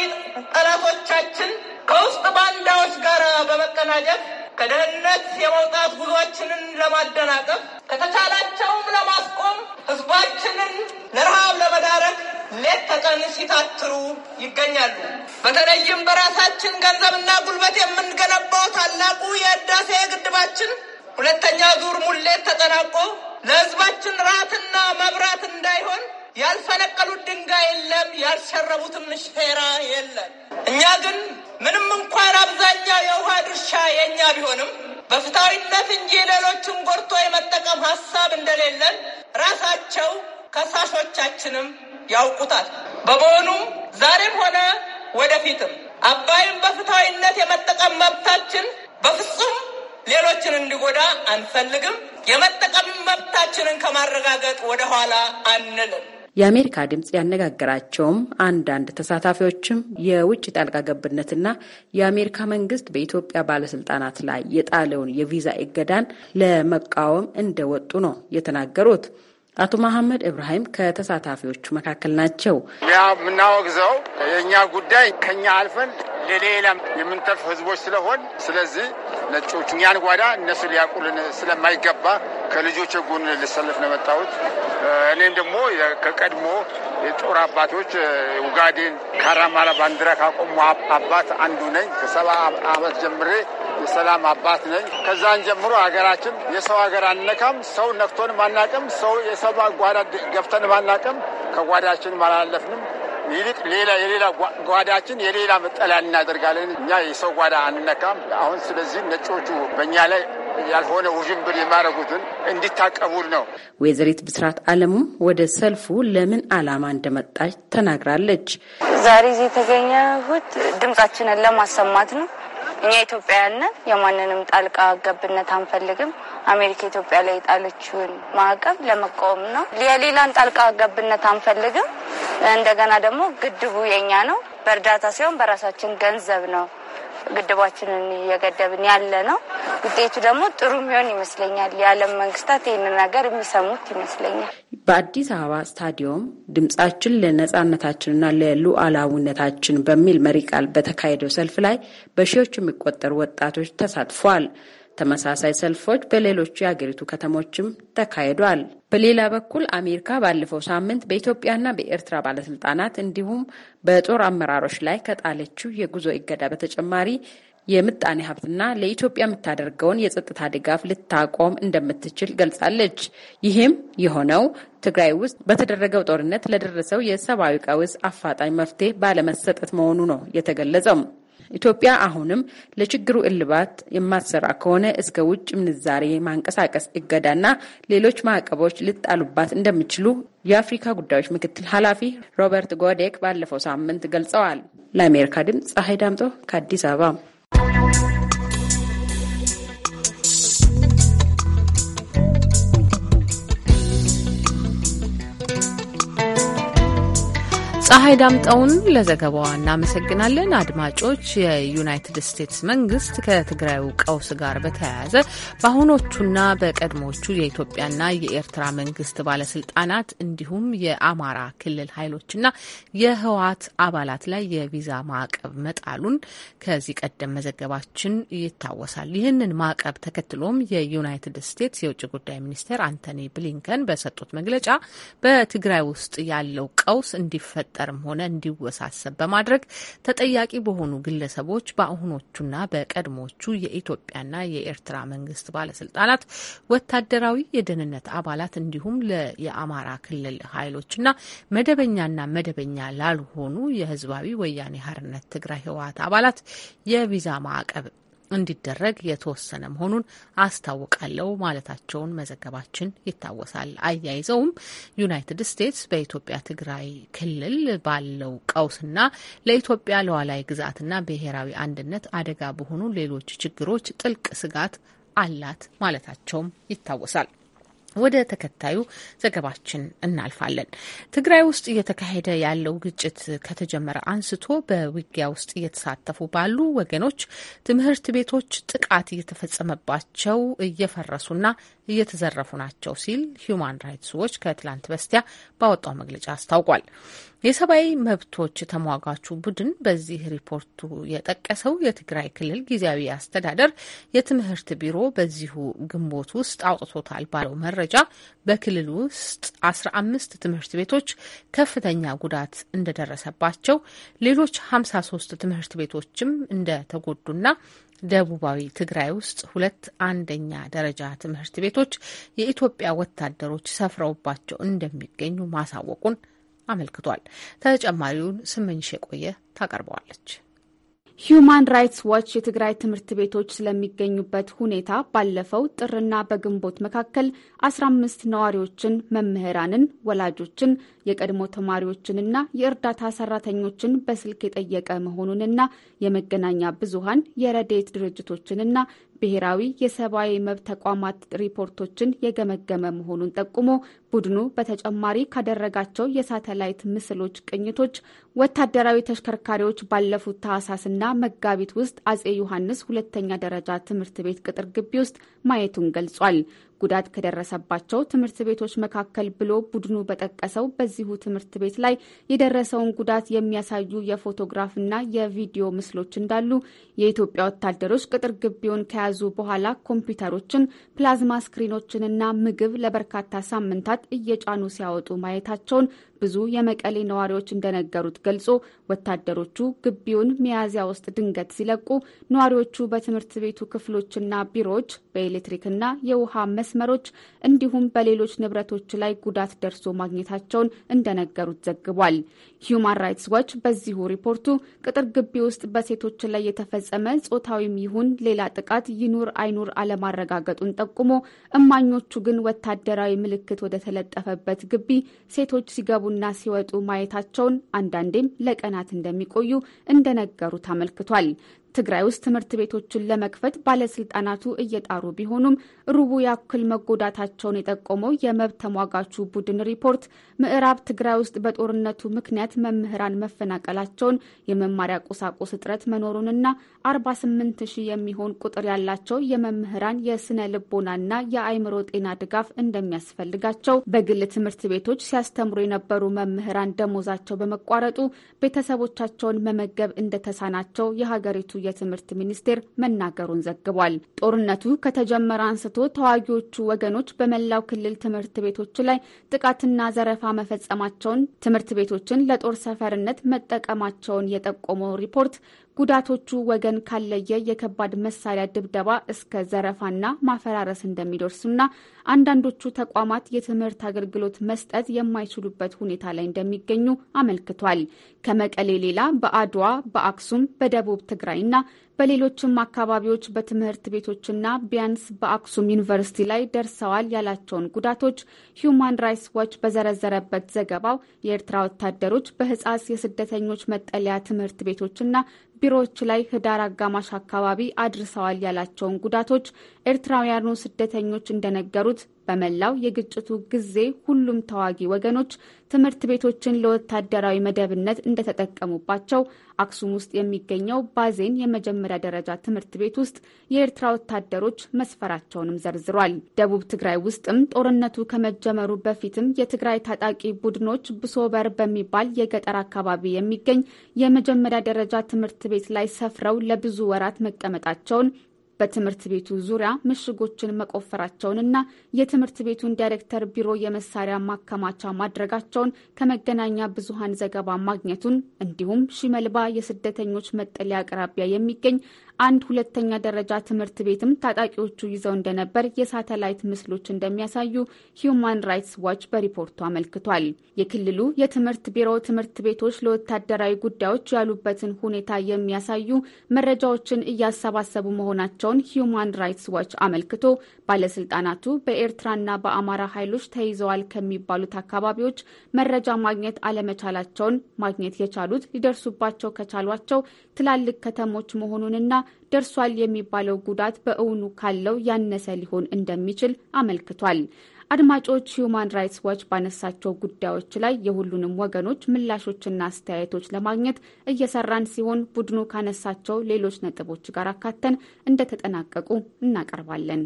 ጠላቶቻችን ከውስጥ ባንዳዎች ጋር በመቀናጀት ከደህንነት የመውጣት ጉዟችንን ለማደናቀፍ ከተቻላቸውም ለማስቆም ህዝባችንን ለረሃብ ለመዳረግ ሌት ተቀን ሲታትሩ ይገኛሉ። በተለይም በራሳችን ገንዘብና ጉልበት የምንገነባው ታላቁ የህዳሴ ግድባችን ሁለተኛ ዙር ሙሌት ተጠናቆ ለህዝባችን ራትና መብራት እንዳይሆን ያልፈነቀሉት ድንጋይ የለም፣ ያልሸረቡትም ሴራ የለም። እኛ ግን ምንም እንኳን አብዛኛው የውሃ ድርሻ የእኛ ቢሆንም በፍታዊነት እንጂ ሌሎችን ጎድቶ የመጠቀም ሀሳብ እንደሌለን ራሳቸው ከሳሾቻችንም ያውቁታል። በመሆኑም ዛሬም ሆነ ወደፊትም አባይን በፍታዊነት የመጠቀም መብታችን በፍጹም ሌሎችን እንዲጎዳ አንፈልግም። የመጠቀም መብታችንን ከማረጋገጥ ወደኋላ አንልም። የአሜሪካ ድምፅ ያነጋገራቸውም አንዳንድ ተሳታፊዎችም የውጭ ጣልቃ ገብነትና የአሜሪካ መንግስት በኢትዮጵያ ባለስልጣናት ላይ የጣለውን የቪዛ እገዳን ለመቃወም እንደወጡ ነው የተናገሩት። አቶ መሐመድ እብራሂም ከተሳታፊዎቹ መካከል ናቸው። ያ የምናወግዘው የእኛ ጉዳይ ከኛ አልፈን ለሌላ የምንተርፍ ህዝቦች ስለሆን ስለዚህ ነጮች እኛን ጓዳ እነሱ ሊያውቁልን ስለማይገባ ከልጆች ጎን ልሰለፍ ነው የመጣሁት። እኔም ደግሞ ከቀድሞ የጦር አባቶች ኡጋዴን ካራማራ ባንዲራ ካቆሙ አባት አንዱ ነኝ። ከሰባ ዓመት ጀምሬ ሰላም አባት ነኝ። ከዛን ጀምሮ ሀገራችን የሰው ሀገር አንነካም፣ ሰው ነክቶን ማናቅም፣ ሰው የሰው ጓዳ ገብተን ማናቅም፣ ከጓዳችን አላለፍንም። ይልቅ ሌላ የሌላ ጓዳችን የሌላ መጠለያ እናደርጋለን። እኛ የሰው ጓዳ አንነካም። አሁን ስለዚህ ነጮቹ በእኛ ላይ ያልሆነ ውዥንብር የማረጉትን እንዲታቀቡል ነው። ወይዘሪት ብስራት አለሙ ወደ ሰልፉ ለምን አላማ እንደመጣች ተናግራለች። ዛሬ እዚህ የተገኘሁት ድምጻችንን ለማሰማት ነው። እኛ ኢትዮጵያውያን ነን። የማንንም ጣልቃ ገብነት አንፈልግም። አሜሪካ ኢትዮጵያ ላይ የጣለችውን ማዕቀብ ለመቃወም ነው። የሌላን ጣልቃ ገብነት አንፈልግም። እንደገና ደግሞ ግድቡ የኛ ነው። በእርዳታ ሲሆን በራሳችን ገንዘብ ነው ግድባችንን እየገደብን ያለ ነው። ውጤቱ ደግሞ ጥሩ የሚሆን ይመስለኛል። የዓለም መንግስታት ይህንን ነገር የሚሰሙት ይመስለኛል። በአዲስ አበባ ስታዲየም ድምጻችን ለነጻነታችንና ለሉዓላዊነታችን በሚል መሪ ቃል በተካሄደው ሰልፍ ላይ በሺዎች የሚቆጠሩ ወጣቶች ተሳትፏል። ተመሳሳይ ሰልፎች በሌሎች የአገሪቱ ከተሞችም ተካሂዷል። በሌላ በኩል አሜሪካ ባለፈው ሳምንት በኢትዮጵያና በኤርትራ ባለስልጣናት እንዲሁም በጦር አመራሮች ላይ ከጣለችው የጉዞ እገዳ በተጨማሪ የምጣኔ ሀብትና ለኢትዮጵያ የምታደርገውን የጸጥታ ድጋፍ ልታቆም እንደምትችል ገልጻለች። ይህም የሆነው ትግራይ ውስጥ በተደረገው ጦርነት ለደረሰው የሰብአዊ ቀውስ አፋጣኝ መፍትሄ ባለመሰጠት መሆኑ ነው የተገለጸው። ኢትዮጵያ አሁንም ለችግሩ እልባት የማትሰራ ከሆነ እስከ ውጭ ምንዛሬ ማንቀሳቀስ እገዳና ሌሎች ማዕቀቦች ልጣሉባት እንደሚችሉ የአፍሪካ ጉዳዮች ምክትል ኃላፊ ሮበርት ጎዴክ ባለፈው ሳምንት ገልጸዋል። ለአሜሪካ ድምፅ ፀሐይ ዳምጦ ከአዲስ አበባ ፀሐይ ዳምጠውን ለዘገባዋ እናመሰግናለን። አድማጮች፣ የዩናይትድ ስቴትስ መንግስት ከትግራዩ ቀውስ ጋር በተያያዘ በአሁኖቹና በቀድሞቹ የኢትዮጵያና የኤርትራ መንግስት ባለስልጣናት እንዲሁም የአማራ ክልል ኃይሎችና የህወሓት አባላት ላይ የቪዛ ማዕቀብ መጣሉን ከዚህ ቀደም መዘገባችን ይታወሳል። ይህንን ማዕቀብ ተከትሎም የዩናይትድ ስቴትስ የውጭ ጉዳይ ሚኒስቴር አንቶኒ ብሊንከን በሰጡት መግለጫ በትግራይ ውስጥ ያለው ቀውስ እንዲፈ እንዲፈጠርም ሆነ እንዲወሳሰብ በማድረግ ተጠያቂ በሆኑ ግለሰቦች በአሁኖቹና በቀድሞቹ የኢትዮጵያና የኤርትራ መንግስት ባለስልጣናት፣ ወታደራዊ የደህንነት አባላት እንዲሁም የአማራ ክልል ኃይሎችና መደበኛና መደበኛ ላልሆኑ የህዝባዊ ወያኔ ሀርነት ትግራይ ህወሀት አባላት የቪዛ ማዕቀብ እንዲደረግ የተወሰነ መሆኑን አስታውቃለሁ ማለታቸውን መዘገባችን ይታወሳል። አያይዘውም ዩናይትድ ስቴትስ በኢትዮጵያ ትግራይ ክልል ባለው ቀውስና ለኢትዮጵያ ሉዓላዊ ግዛትና ብሔራዊ አንድነት አደጋ በሆኑ ሌሎች ችግሮች ጥልቅ ስጋት አላት ማለታቸውም ይታወሳል። ወደ ተከታዩ ዘገባችን እናልፋለን። ትግራይ ውስጥ እየተካሄደ ያለው ግጭት ከተጀመረ አንስቶ በውጊያ ውስጥ እየተሳተፉ ባሉ ወገኖች ትምህርት ቤቶች ጥቃት እየተፈጸመባቸው እየፈረሱና እየተዘረፉ ናቸው ሲል ሂዩማን ራይትስ ዎች ከትላንት በስቲያ ባወጣው መግለጫ አስታውቋል። የሰብአዊ መብቶች ተሟጋቹ ቡድን በዚህ ሪፖርቱ የጠቀሰው የትግራይ ክልል ጊዜያዊ አስተዳደር የትምህርት ቢሮ በዚሁ ግንቦት ውስጥ አውጥቶታል ባለው መረጃ በክልል ውስጥ አስራ አምስት ትምህርት ቤቶች ከፍተኛ ጉዳት እንደደረሰባቸው ሌሎች ሀምሳ ሶስት ትምህርት ቤቶችም እንደተጎዱና ደቡባዊ ትግራይ ውስጥ ሁለት አንደኛ ደረጃ ትምህርት ቤቶች የኢትዮጵያ ወታደሮች ሰፍረውባቸው እንደሚገኙ ማሳወቁን አመልክቷል። ተጨማሪውን ስመኝሽ የቆየ ታቀርበዋለች። ሂዩማን ራይትስ ዋች የትግራይ ትምህርት ቤቶች ስለሚገኙበት ሁኔታ ባለፈው ጥርና በግንቦት መካከል አስራ አምስት ነዋሪዎችን፣ መምህራንን፣ ወላጆችን የቀድሞ ተማሪዎችንና የእርዳታ ሰራተኞችን በስልክ የጠየቀ መሆኑንና የመገናኛ ብዙሃን የረድኤት ድርጅቶችንና ብሔራዊ የሰብአዊ መብት ተቋማት ሪፖርቶችን የገመገመ መሆኑን ጠቁሞ ቡድኑ በተጨማሪ ካደረጋቸው የሳተላይት ምስሎች ቅኝቶች ወታደራዊ ተሽከርካሪዎች ባለፉት ታህሳስና መጋቢት ውስጥ አጼ ዮሐንስ ሁለተኛ ደረጃ ትምህርት ቤት ቅጥር ግቢ ውስጥ ማየቱን ገልጿል። ጉዳት ከደረሰባቸው ትምህርት ቤቶች መካከል ብሎ ቡድኑ በጠቀሰው በዚሁ ትምህርት ቤት ላይ የደረሰውን ጉዳት የሚያሳዩ የፎቶግራፍና የቪዲዮ ምስሎች እንዳሉ፣ የኢትዮጵያ ወታደሮች ቅጥር ግቢውን ከያዙ በኋላ ኮምፒውተሮችን፣ ፕላዝማ ስክሪኖችንና ምግብ ለበርካታ ሳምንታት እየጫኑ ሲያወጡ ማየታቸውን ብዙ የመቀሌ ነዋሪዎች እንደነገሩት ገልጾ ወታደሮቹ ግቢውን ሚያዝያ ውስጥ ድንገት ሲለቁ ነዋሪዎቹ በትምህርት ቤቱ ክፍሎችና ቢሮዎች፣ በኤሌክትሪክና የውሃ መስመሮች እንዲሁም በሌሎች ንብረቶች ላይ ጉዳት ደርሶ ማግኘታቸውን እንደነገሩት ዘግቧል። ሂዩማን ራይትስ ዋች በዚሁ ሪፖርቱ ቅጥር ግቢ ውስጥ በሴቶች ላይ የተፈጸመ ጾታዊም ይሁን ሌላ ጥቃት ይኑር አይኑር አለማረጋገጡን ጠቁሞ እማኞቹ ግን ወታደራዊ ምልክት ወደተለጠፈበት ግቢ ሴቶች ሲገቡ ከቡና ሲወጡ ማየታቸውን አንዳንዴም ለቀናት እንደሚቆዩ እንደነገሩት አመልክቷል። ትግራይ ውስጥ ትምህርት ቤቶችን ለመክፈት ባለስልጣናቱ እየጣሩ ቢሆኑም ሩቡ ያክል መጎዳታቸውን የጠቆመው የመብት ተሟጋቹ ቡድን ሪፖርት ምዕራብ ትግራይ ውስጥ በጦርነቱ ምክንያት መምህራን መፈናቀላቸውን፣ የመማሪያ ቁሳቁስ እጥረት መኖሩንና 48 ሺህ የሚሆን ቁጥር ያላቸው የመምህራን የስነ ልቦናና የአእምሮ ጤና ድጋፍ እንደሚያስፈልጋቸው፣ በግል ትምህርት ቤቶች ሲያስተምሩ የነበሩ መምህራን ደሞዛቸው በመቋረጡ ቤተሰቦቻቸውን መመገብ እንደተሳናቸው የሀገሪቱ የትምህርት ሚኒስቴር መናገሩን ዘግቧል። ጦርነቱ ከተጀመረ አንስቶ ተዋጊዎቹ ወገኖች በመላው ክልል ትምህርት ቤቶች ላይ ጥቃትና ዘረፋ መፈጸማቸውን፣ ትምህርት ቤቶችን ለጦር ሰፈርነት መጠቀማቸውን የጠቆመው ሪፖርት ጉዳቶቹ ወገን ካለየ የከባድ መሳሪያ ድብደባ እስከ ዘረፋና ማፈራረስ እንደሚደርሱና አንዳንዶቹ ተቋማት የትምህርት አገልግሎት መስጠት የማይችሉበት ሁኔታ ላይ እንደሚገኙ አመልክቷል። ከመቀሌ ሌላ በአድዋ፣ በአክሱም፣ በደቡብ ትግራይና በሌሎችም አካባቢዎች በትምህርት ቤቶችና ቢያንስ በአክሱም ዩኒቨርሲቲ ላይ ደርሰዋል ያላቸውን ጉዳቶች ሂዩማን ራይትስ ዋች በዘረዘረበት ዘገባው የኤርትራ ወታደሮች በህጻስ የስደተኞች መጠለያ ትምህርት ቤቶችና ቢሮዎች ላይ ህዳር አጋማሽ አካባቢ አድርሰዋል ያላቸውን ጉዳቶች ኤርትራውያኑ ስደተኞች እንደነገሩት በመላው የግጭቱ ጊዜ ሁሉም ተዋጊ ወገኖች ትምህርት ቤቶችን ለወታደራዊ መደብነት እንደተጠቀሙባቸው አክሱም ውስጥ የሚገኘው ባዜን የመጀመሪያ ደረጃ ትምህርት ቤት ውስጥ የኤርትራ ወታደሮች መስፈራቸውንም ዘርዝሯል። ደቡብ ትግራይ ውስጥም ጦርነቱ ከመጀመሩ በፊትም የትግራይ ታጣቂ ቡድኖች ብሶበር በሚባል የገጠር አካባቢ የሚገኝ የመጀመሪያ ደረጃ ትምህርት ቤት ላይ ሰፍረው ለብዙ ወራት መቀመጣቸውን በትምህርት ቤቱ ዙሪያ ምሽጎችን መቆፈራቸውንና የትምህርት ቤቱን ዳይሬክተር ቢሮ የመሳሪያ ማከማቻ ማድረጋቸውን ከመገናኛ ብዙሃን ዘገባ ማግኘቱን እንዲሁም ሺመልባ የስደተኞች መጠለያ አቅራቢያ የሚገኝ አንድ ሁለተኛ ደረጃ ትምህርት ቤትም ታጣቂዎቹ ይዘው እንደነበር የሳተላይት ምስሎች እንደሚያሳዩ ሂዩማን ራይትስ ዋች በሪፖርቱ አመልክቷል። የክልሉ የትምህርት ቢሮ ትምህርት ቤቶች ለወታደራዊ ጉዳዮች ያሉበትን ሁኔታ የሚያሳዩ መረጃዎችን እያሰባሰቡ መሆናቸውን ሂዩማን ራይትስ ዋች አመልክቶ ባለስልጣናቱ በኤርትራና በአማራ ኃይሎች ተይዘዋል ከሚባሉት አካባቢዎች መረጃ ማግኘት አለመቻላቸውን ማግኘት የቻሉት ሊደርሱባቸው ከቻሏቸው ትላልቅ ከተሞች መሆኑንና ደርሷል የሚባለው ጉዳት በእውኑ ካለው ያነሰ ሊሆን እንደሚችል አመልክቷል። አድማጮች፣ ሂዩማን ራይትስ ዋች ባነሳቸው ጉዳዮች ላይ የሁሉንም ወገኖች ምላሾችና አስተያየቶች ለማግኘት እየሰራን ሲሆን ቡድኑ ካነሳቸው ሌሎች ነጥቦች ጋር አካተን እንደተጠናቀቁ እናቀርባለን።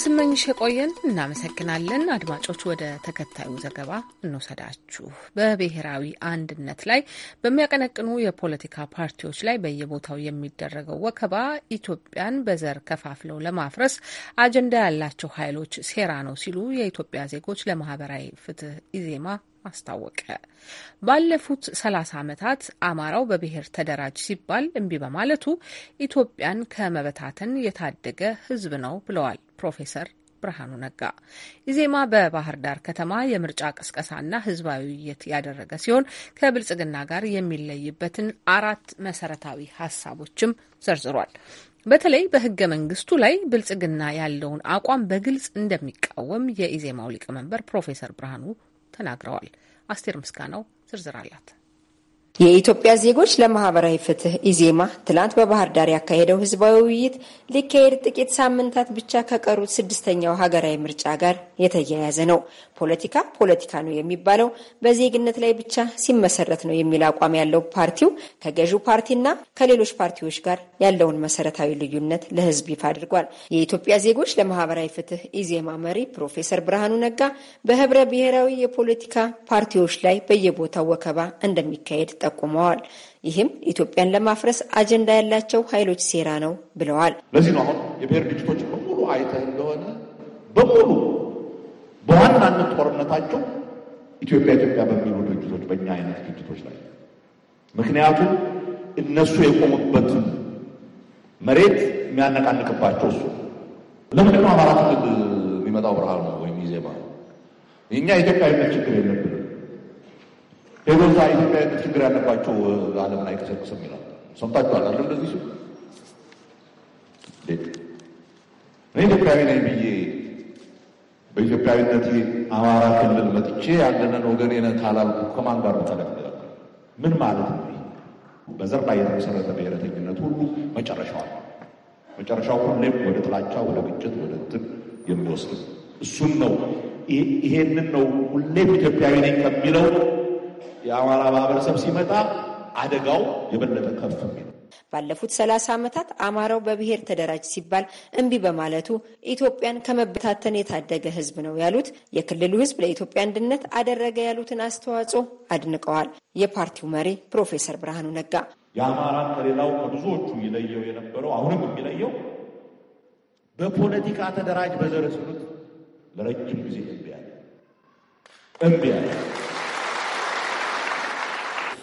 ስመኝሽ የቆየን እናመሰግናለን። አድማጮች ወደ ተከታዩ ዘገባ እንወሰዳችሁ። በብሔራዊ አንድነት ላይ በሚያቀነቅኑ የፖለቲካ ፓርቲዎች ላይ በየቦታው የሚደረገው ወከባ ኢትዮጵያን በዘር ከፋፍለው ለማፍረስ አጀንዳ ያላቸው ኃይሎች ሴራ ነው ሲሉ የኢትዮጵያ ዜጎች ለማህበራዊ ፍትህ ኢዜማ አስታወቀ። ባለፉት ሰላሳ ዓመታት አማራው በብሔር ተደራጅ ሲባል እምቢ በማለቱ ኢትዮጵያን ከመበታተን የታደገ ሕዝብ ነው ብለዋል ፕሮፌሰር ብርሃኑ ነጋ። ኢዜማ በባህር ዳር ከተማ የምርጫ ቅስቀሳና ህዝባዊ ውይይት ያደረገ ሲሆን ከብልጽግና ጋር የሚለይበትን አራት መሰረታዊ ሀሳቦችም ዘርዝሯል። በተለይ በህገ መንግስቱ ላይ ብልጽግና ያለውን አቋም በግልጽ እንደሚቃወም የኢዜማው ሊቀመንበር ፕሮፌሰር ብርሃኑ ተናግረዋል። አስቴር ምስጋናው ዝርዝር አላት። የኢትዮጵያ ዜጎች ለማህበራዊ ፍትህ ኢዜማ ትላንት በባህር ዳር ያካሄደው ህዝባዊ ውይይት ሊካሄድ ጥቂት ሳምንታት ብቻ ከቀሩት ስድስተኛው ሀገራዊ ምርጫ ጋር የተያያዘ ነው። ፖለቲካ ፖለቲካ ነው የሚባለው በዜግነት ላይ ብቻ ሲመሰረት ነው የሚል አቋም ያለው ፓርቲው ከገዢው ፓርቲና ከሌሎች ፓርቲዎች ጋር ያለውን መሰረታዊ ልዩነት ለህዝብ ይፋ አድርጓል። የኢትዮጵያ ዜጎች ለማህበራዊ ፍትህ ኢዜማ መሪ ፕሮፌሰር ብርሃኑ ነጋ በህብረ ብሔራዊ የፖለቲካ ፓርቲዎች ላይ በየቦታው ወከባ እንደሚካሄድ ጠቁመዋል። ይህም ኢትዮጵያን ለማፍረስ አጀንዳ ያላቸው ኃይሎች ሴራ ነው ብለዋል። ለዚህ ነው አሁን የብሔር ግጭቶች በሙሉ አይተህ እንደሆነ በሙሉ በዋናነት ጦርነታቸው ኢትዮጵያ ኢትዮጵያ በሚሉ ድርጅቶች በእኛ አይነት ድርጅቶች ላይ ምክንያቱም እነሱ የቆሙበትን መሬት የሚያነቃንቅባቸው እሱ ለምንድነው አማራ ክልል የሚመጣው ብርሃኑ ወይም ኢዜማ የእኛ ኢትዮጵያዊነት ችግር የለብን የገዛ ኢትዮጵያዊነት ችግር ያለባቸው ዓለምን አይቀሰቅስም ይላል። ሰምታችኋል አይደል? እንደዚህ ሲሉ እኔ ኢትዮጵያዊ ነኝ ብዬ በኢትዮጵያዊነት አማራ ክልል መጥቼ ያለንን ወገን ነ ካላልኩ ከማን ጋር ተለምደ ምን ማለት ነው? በዘር ላይ የተመሰረተ ብሔረተኝነት ሁሉ መጨረሻው መጨረሻው ሁሌም ወደ ጥላቻ፣ ወደ ግጭት፣ ወደ እንትን የሚወስድ እሱን ነው። ይሄንን ነው ሁሌም ኢትዮጵያዊ ነኝ ከሚለው የአማራ ማህበረሰብ ሲመጣ አደጋው የበለጠ ከፍ ባለፉት ሰላሳ ዓመታት አማራው በብሔር ተደራጅ ሲባል እምቢ በማለቱ ኢትዮጵያን ከመበታተን የታደገ ሕዝብ ነው ያሉት የክልሉ ሕዝብ ለኢትዮጵያ አንድነት አደረገ ያሉትን አስተዋጽኦ አድንቀዋል። የፓርቲው መሪ ፕሮፌሰር ብርሃኑ ነጋ የአማራ ከሌላው ከብዙዎቹ ይለየው የነበረው አሁንም የሚለየው በፖለቲካ ተደራጅ በዘር ስሉት ለረጅም ጊዜ እምቢ ያለ እምቢ ያለ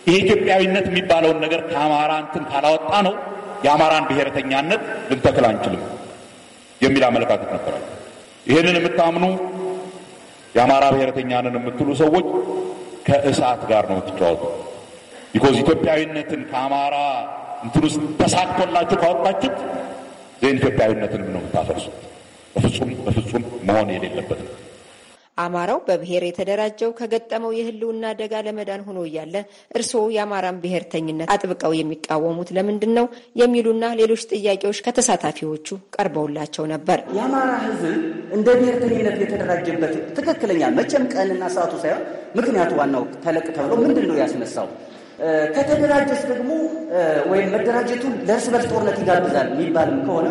ይህ ኢትዮጵያዊነት የሚባለውን ነገር ከአማራ እንትን ካላወጣ ነው የአማራን ብሔረተኛነት ልንተክል አንችልም የሚል አመለካከት ነበረ። ይህንን የምታምኑ የአማራ ብሔረተኛንን የምትሉ ሰዎች ከእሳት ጋር ነው የምትጫወቱ። ቢኮዝ ኢትዮጵያዊነትን ከአማራ እንትን ውስጥ ተሳክቶላችሁ ካወጣችሁት ዜን ኢትዮጵያዊነትን ነው የምታፈርሱት። በፍጹም በፍጹም መሆን የሌለበት ነው። አማራው በብሔር የተደራጀው ከገጠመው የህልውና አደጋ ለመዳን ሆኖ እያለ እርስዎ የአማራን ብሔርተኝነት አጥብቀው የሚቃወሙት ለምንድን ነው የሚሉና ሌሎች ጥያቄዎች ከተሳታፊዎቹ ቀርበውላቸው ነበር። የአማራ ህዝብ እንደ ብሔርተኝነት የተደራጀበት ትክክለኛ መቼም ቀንና ሰዓቱ ሳይሆን ምክንያቱ ዋናው ተለቅ ተብሎ ምንድን ነው ያስነሳው? ከተደራጀስ ደግሞ ወይም መደራጀቱ ለእርስ በርስ ጦርነት ይጋብዛል የሚባልም ከሆነ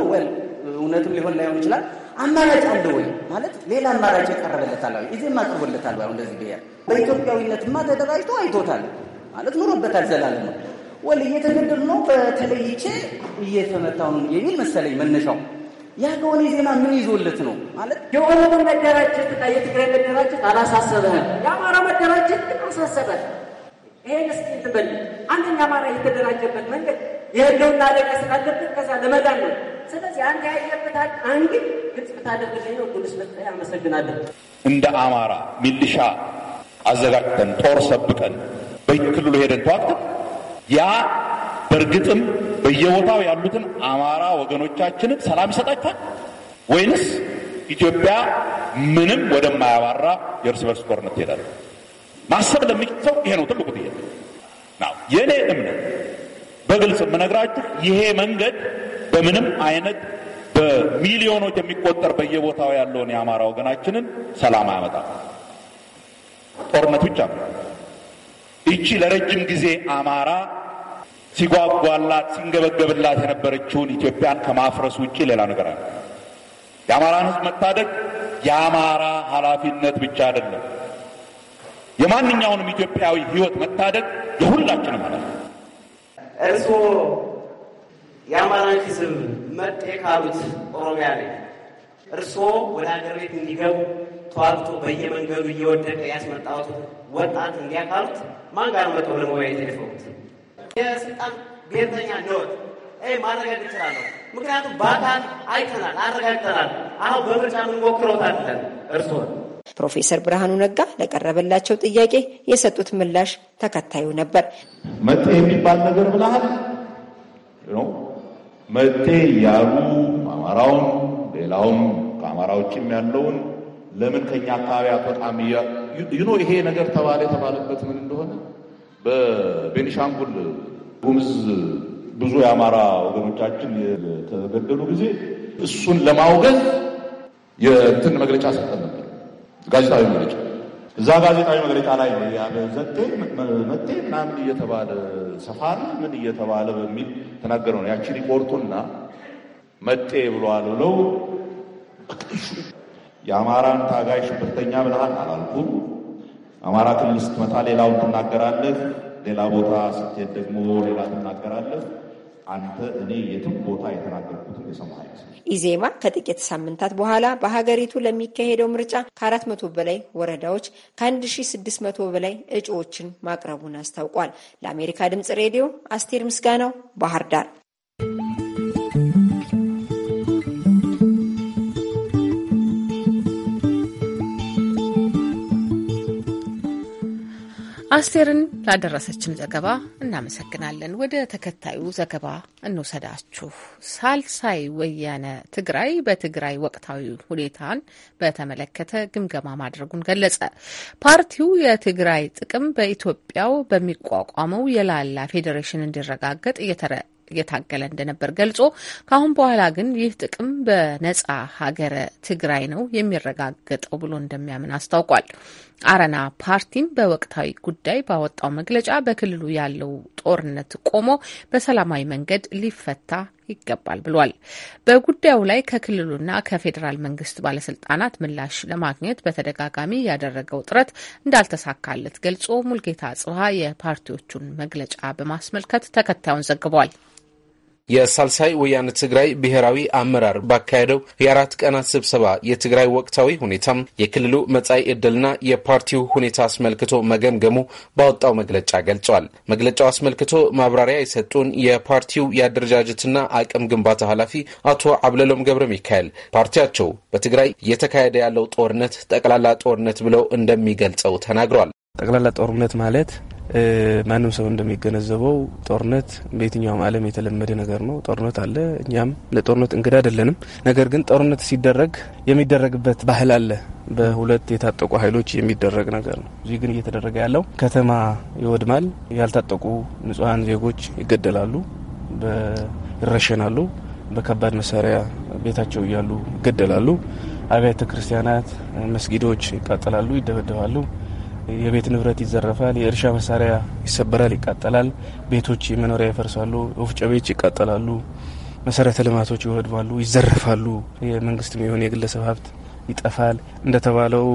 እውነትም ሊሆን ላይሆን ይችላል አማራጭ አለ ወይ ማለት ሌላ አማራጭ የቀረበለታል ወይ ኢዜማ አቅርቦለታል ወይ? እንደዚህ ብያ በኢትዮጵያዊነትማ ተደራጅቶ አይቶታል ማለት ኑሮበታል። ዘላለም ነው ወል እየተገደሉ ነው በተለይቼ እየተመታው ነው የሚል መሰለኝ መነሻው። ያ ከሆነ ዜማ ምን ይዞለት ነው ማለት የኦሮሞ መደራጀት እና የትግራይ መደራጀት አላሳሰበህም፣ የአማራ መደራጀት ግን አሳሰበህ። ይሄን እስኪ ትበል አንደኛ አማራ የተደራጀበት መንገድ የህልውና አደጋ ስላለብን ከዛ ለመዳን ነው ስለዚህ አንድ ያየበታል ግልጽ ብታደርግልኝ ነው። ጉልስ አመሰግናለሁ። እንደ አማራ ሚሊሻ አዘጋጅተን ጦር ሰብቀን በክልሉ ሄደን ተዋግተን ያ በእርግጥም በየቦታው ያሉትን አማራ ወገኖቻችንን ሰላም ይሰጣችኋል ወይንስ ኢትዮጵያ ምንም ወደማያባራ የእርስ በርስ ጦርነት ትሄዳለች? ማሰብ ለሚችል ይሄ ነው ትልቁ ጥያቄ። የእኔ እምነት በግልጽ የምነግራችሁ ይሄ መንገድ በምንም አይነት በሚሊዮኖች የሚቆጠር በየቦታው ያለውን የአማራ ወገናችንን ሰላም አያመጣም። ጦርነት ብቻ ነው። ይቺ ለረጅም ጊዜ አማራ ሲጓጓላት ሲንገበገብላት የነበረችውን ኢትዮጵያን ከማፍረስ ውጭ ሌላ ነገር አለ። የአማራን ሕዝብ መታደግ የአማራ ኃላፊነት ብቻ አይደለም። የማንኛውንም ኢትዮጵያዊ ሕይወት መታደግ የሁላችንም ማለት ነው። የአማራን ህዝብ መጤ ካሉት ኦሮሚያ ላይ እርስዎ ወደ ሀገር ቤት እንዲገቡ ተዋግቶ በየመንገዱ እየወደቀ ያስመጣሁት ወጣት እንዲያካሉት ማን ጋር መጠው ለመወያየት የፈውት የስልጣን ብሔርተኛ እንደወጥ ማረጋገጥ ይችላለሁ። ምክንያቱም በአካል አይተናል፣ አረጋግጠናል። አሁን በምርጫ የምንሞክረው ታለን እርስዎ ፕሮፌሰር ብርሃኑ ነጋ ለቀረበላቸው ጥያቄ የሰጡት ምላሽ ተከታዩ ነበር። መጤ የሚባል ነገር ብለሃል መጤ እያሉ አማራውን ሌላውም ከአማራ ውጭም ያለውን ለምን ከኛ አካባቢ አትወጣም ይኖ ይሄ ነገር ተባለ። የተባለበት ምን እንደሆነ በቤኒሻንጉል ጉምዝ ብዙ የአማራ ወገኖቻችን የተገደሉ ጊዜ እሱን ለማውገዝ የእንትን መግለጫ ሰጠ ነበር፣ ጋዜጣዊ መግለጫ። እዛ ጋዜጣዊ መግለጫ ላይ ያለ ዘጤ መጤ ምናምን እየተባለ ሰፋሪ ምን እየተባለ በሚል ተናገረው ነው። ያቺ ሪፖርቱና መጤ ብሏል ብለው በቅሹ የአማራን ታጋይ ሽብርተኛ ብለሃል አላልኩም። አማራ ክልል ስትመጣ ሌላውን ትናገራለህ፣ ሌላ ቦታ ስትሄድ ደግሞ ሌላ ትናገራለህ አንተ እኔ የትም ቦታ የተናገርኩትን የሰማ ኢዜማ ከጥቂት ሳምንታት በኋላ በሀገሪቱ ለሚካሄደው ምርጫ ከአራት መቶ በላይ ወረዳዎች ከአንድ ሺ ስድስት መቶ በላይ እጩዎችን ማቅረቡን አስታውቋል። ለአሜሪካ ድምጽ ሬዲዮ አስቴር ምስጋናው ባህር ዳር አስቴርን ላደረሰችን ዘገባ እናመሰግናለን። ወደ ተከታዩ ዘገባ እንውሰዳችሁ። ሳልሳይ ወያነ ትግራይ በትግራይ ወቅታዊ ሁኔታን በተመለከተ ግምገማ ማድረጉን ገለጸ። ፓርቲው የትግራይ ጥቅም በኢትዮጵያው በሚቋቋመው የላላ ፌዴሬሽን እንዲረጋገጥ እየተረ እየታገለ እንደነበር ገልጾ ከአሁን በኋላ ግን ይህ ጥቅም በነጻ ሀገረ ትግራይ ነው የሚረጋገጠው ብሎ እንደሚያምን አስታውቋል። አረና ፓርቲም በወቅታዊ ጉዳይ ባወጣው መግለጫ በክልሉ ያለው ጦርነት ቆሞ በሰላማዊ መንገድ ሊፈታ ይገባል ብሏል። በጉዳዩ ላይ ከክልሉና ከፌዴራል መንግስት ባለስልጣናት ምላሽ ለማግኘት በተደጋጋሚ ያደረገው ጥረት እንዳልተሳካለት ገልጾ ሙልጌታ ጽብሀ የፓርቲዎቹን መግለጫ በማስመልከት ተከታዩን ዘግቧል። የሳልሳይ ወያነ ትግራይ ብሔራዊ አመራር ባካሄደው የአራት ቀናት ስብሰባ የትግራይ ወቅታዊ ሁኔታም የክልሉ መጻኢ ዕድልና የፓርቲው ሁኔታ አስመልክቶ መገምገሙ ባወጣው መግለጫ ገልጿል። መግለጫው አስመልክቶ ማብራሪያ የሰጡን የፓርቲው የአደረጃጀትና አቅም ግንባታ ኃላፊ አቶ አብለሎም ገብረ ሚካኤል ፓርቲያቸው በትግራይ እየተካሄደ ያለው ጦርነት ጠቅላላ ጦርነት ብለው እንደሚገልጸው ተናግሯል። ጠቅላላ ጦርነት ማለት ማንም ሰው እንደሚገነዘበው ጦርነት በየትኛውም ዓለም የተለመደ ነገር ነው። ጦርነት አለ። እኛም ለጦርነት እንግዳ አይደለንም። ነገር ግን ጦርነት ሲደረግ የሚደረግበት ባህል አለ። በሁለት የታጠቁ ኃይሎች የሚደረግ ነገር ነው። እዚህ ግን እየተደረገ ያለው ከተማ ይወድማል፣ ያልታጠቁ ንጹሐን ዜጎች ይገደላሉ፣ ይረሸናሉ፣ በከባድ መሳሪያ ቤታቸው እያሉ ይገደላሉ፣ አብያተ ክርስቲያናት መስጊዶች ይቃጠላሉ፣ ይደበደባሉ። የቤት ንብረት ይዘረፋል፣ የእርሻ መሳሪያ ይሰበራል፣ ይቃጠላል፣ ቤቶች የመኖሪያ ይፈርሳሉ፣ ወፍጮ ቤቶች ይቃጠላሉ፣ መሰረተ ልማቶች ይወድባሉ፣ ይዘረፋሉ። የመንግስትም የሆነ የግለሰብ ሀብት ይጠፋል። እንደተባለው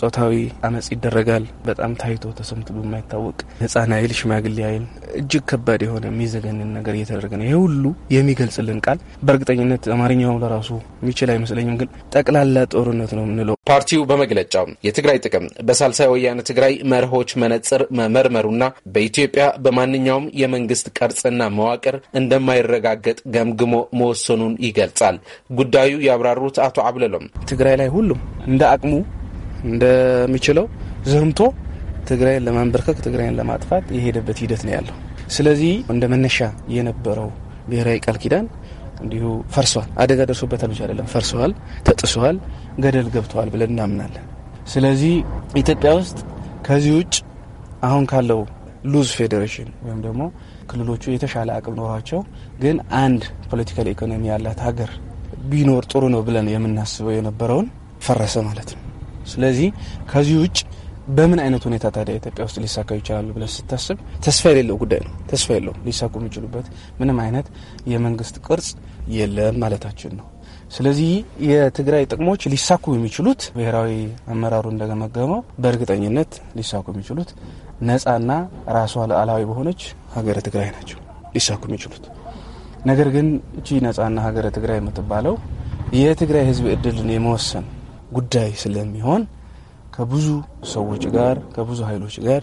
ጾታዊ አመጽ ይደረጋል። በጣም ታይቶ ተሰምቶ በማይታወቅ ህጻን ኃይል ሽማግሌ አይል እጅግ ከባድ የሆነ የሚዘገንን ነገር እየተደረገ ነው። ይህ ሁሉ የሚገልጽልን ቃል በእርግጠኝነት አማርኛው ለራሱ የሚችል አይመስለኝም፣ ግን ጠቅላላ ጦርነት ነው የምንለው። ፓርቲው በመግለጫው የትግራይ ጥቅም በሳልሳይ ወያነ ትግራይ መርሆች መነጽር መመርመሩና በኢትዮጵያ በማንኛውም የመንግስት ቅርጽና መዋቅር እንደማይረጋገጥ ገምግሞ መወሰኑን ይገልጻል። ጉዳዩ ያብራሩት አቶ አብለሎም ትግራይ ላይ ሁሉም እንደ አቅሙ እንደሚችለው ዘምቶ ትግራይን ለማንበርከክ ትግራይን ለማጥፋት የሄደበት ሂደት ነው ያለው። ስለዚህ እንደ መነሻ የነበረው ብሔራዊ ቃል ኪዳን እንዲሁ ፈርሷል። አደጋ ደርሶበታል ብቻ አይደለም፣ ፈርሰዋል፣ ተጥሰዋል፣ ገደል ገብተዋል ብለን እናምናለን። ስለዚህ ኢትዮጵያ ውስጥ ከዚህ ውጭ አሁን ካለው ሉዝ ፌዴሬሽን ወይም ደግሞ ክልሎቹ የተሻለ አቅም ኖሯቸው ግን አንድ ፖለቲካል ኢኮኖሚ ያላት ሀገር ቢኖር ጥሩ ነው ብለን የምናስበው የነበረውን ፈረሰ ማለት ነው። ስለዚህ ከዚህ ውጭ በምን አይነት ሁኔታ ታዲያ ኢትዮጵያ ውስጥ ሊሳካ ይችላሉ ብለን ስታስብ ተስፋ የሌለው ጉዳይ ነው። ተስፋ የለው ሊሳኩ የሚችሉበት ምንም አይነት የመንግስት ቅርጽ የለም ማለታችን ነው። ስለዚህ የትግራይ ጥቅሞች ሊሳኩ የሚችሉት ብሔራዊ አመራሩ እንደገመገመው በእርግጠኝነት ሊሳኩ የሚችሉት ነጻና ራሷ ሉዓላዊ በሆነች ሀገረ ትግራይ ናቸው ሊሳኩ የሚችሉት። ነገር ግን እቺ ነጻና ሀገረ ትግራይ የምትባለው የትግራይ ህዝብ እድልን የመወሰን ጉዳይ ስለሚሆን ከብዙ ሰዎች ጋር ከብዙ ኃይሎች ጋር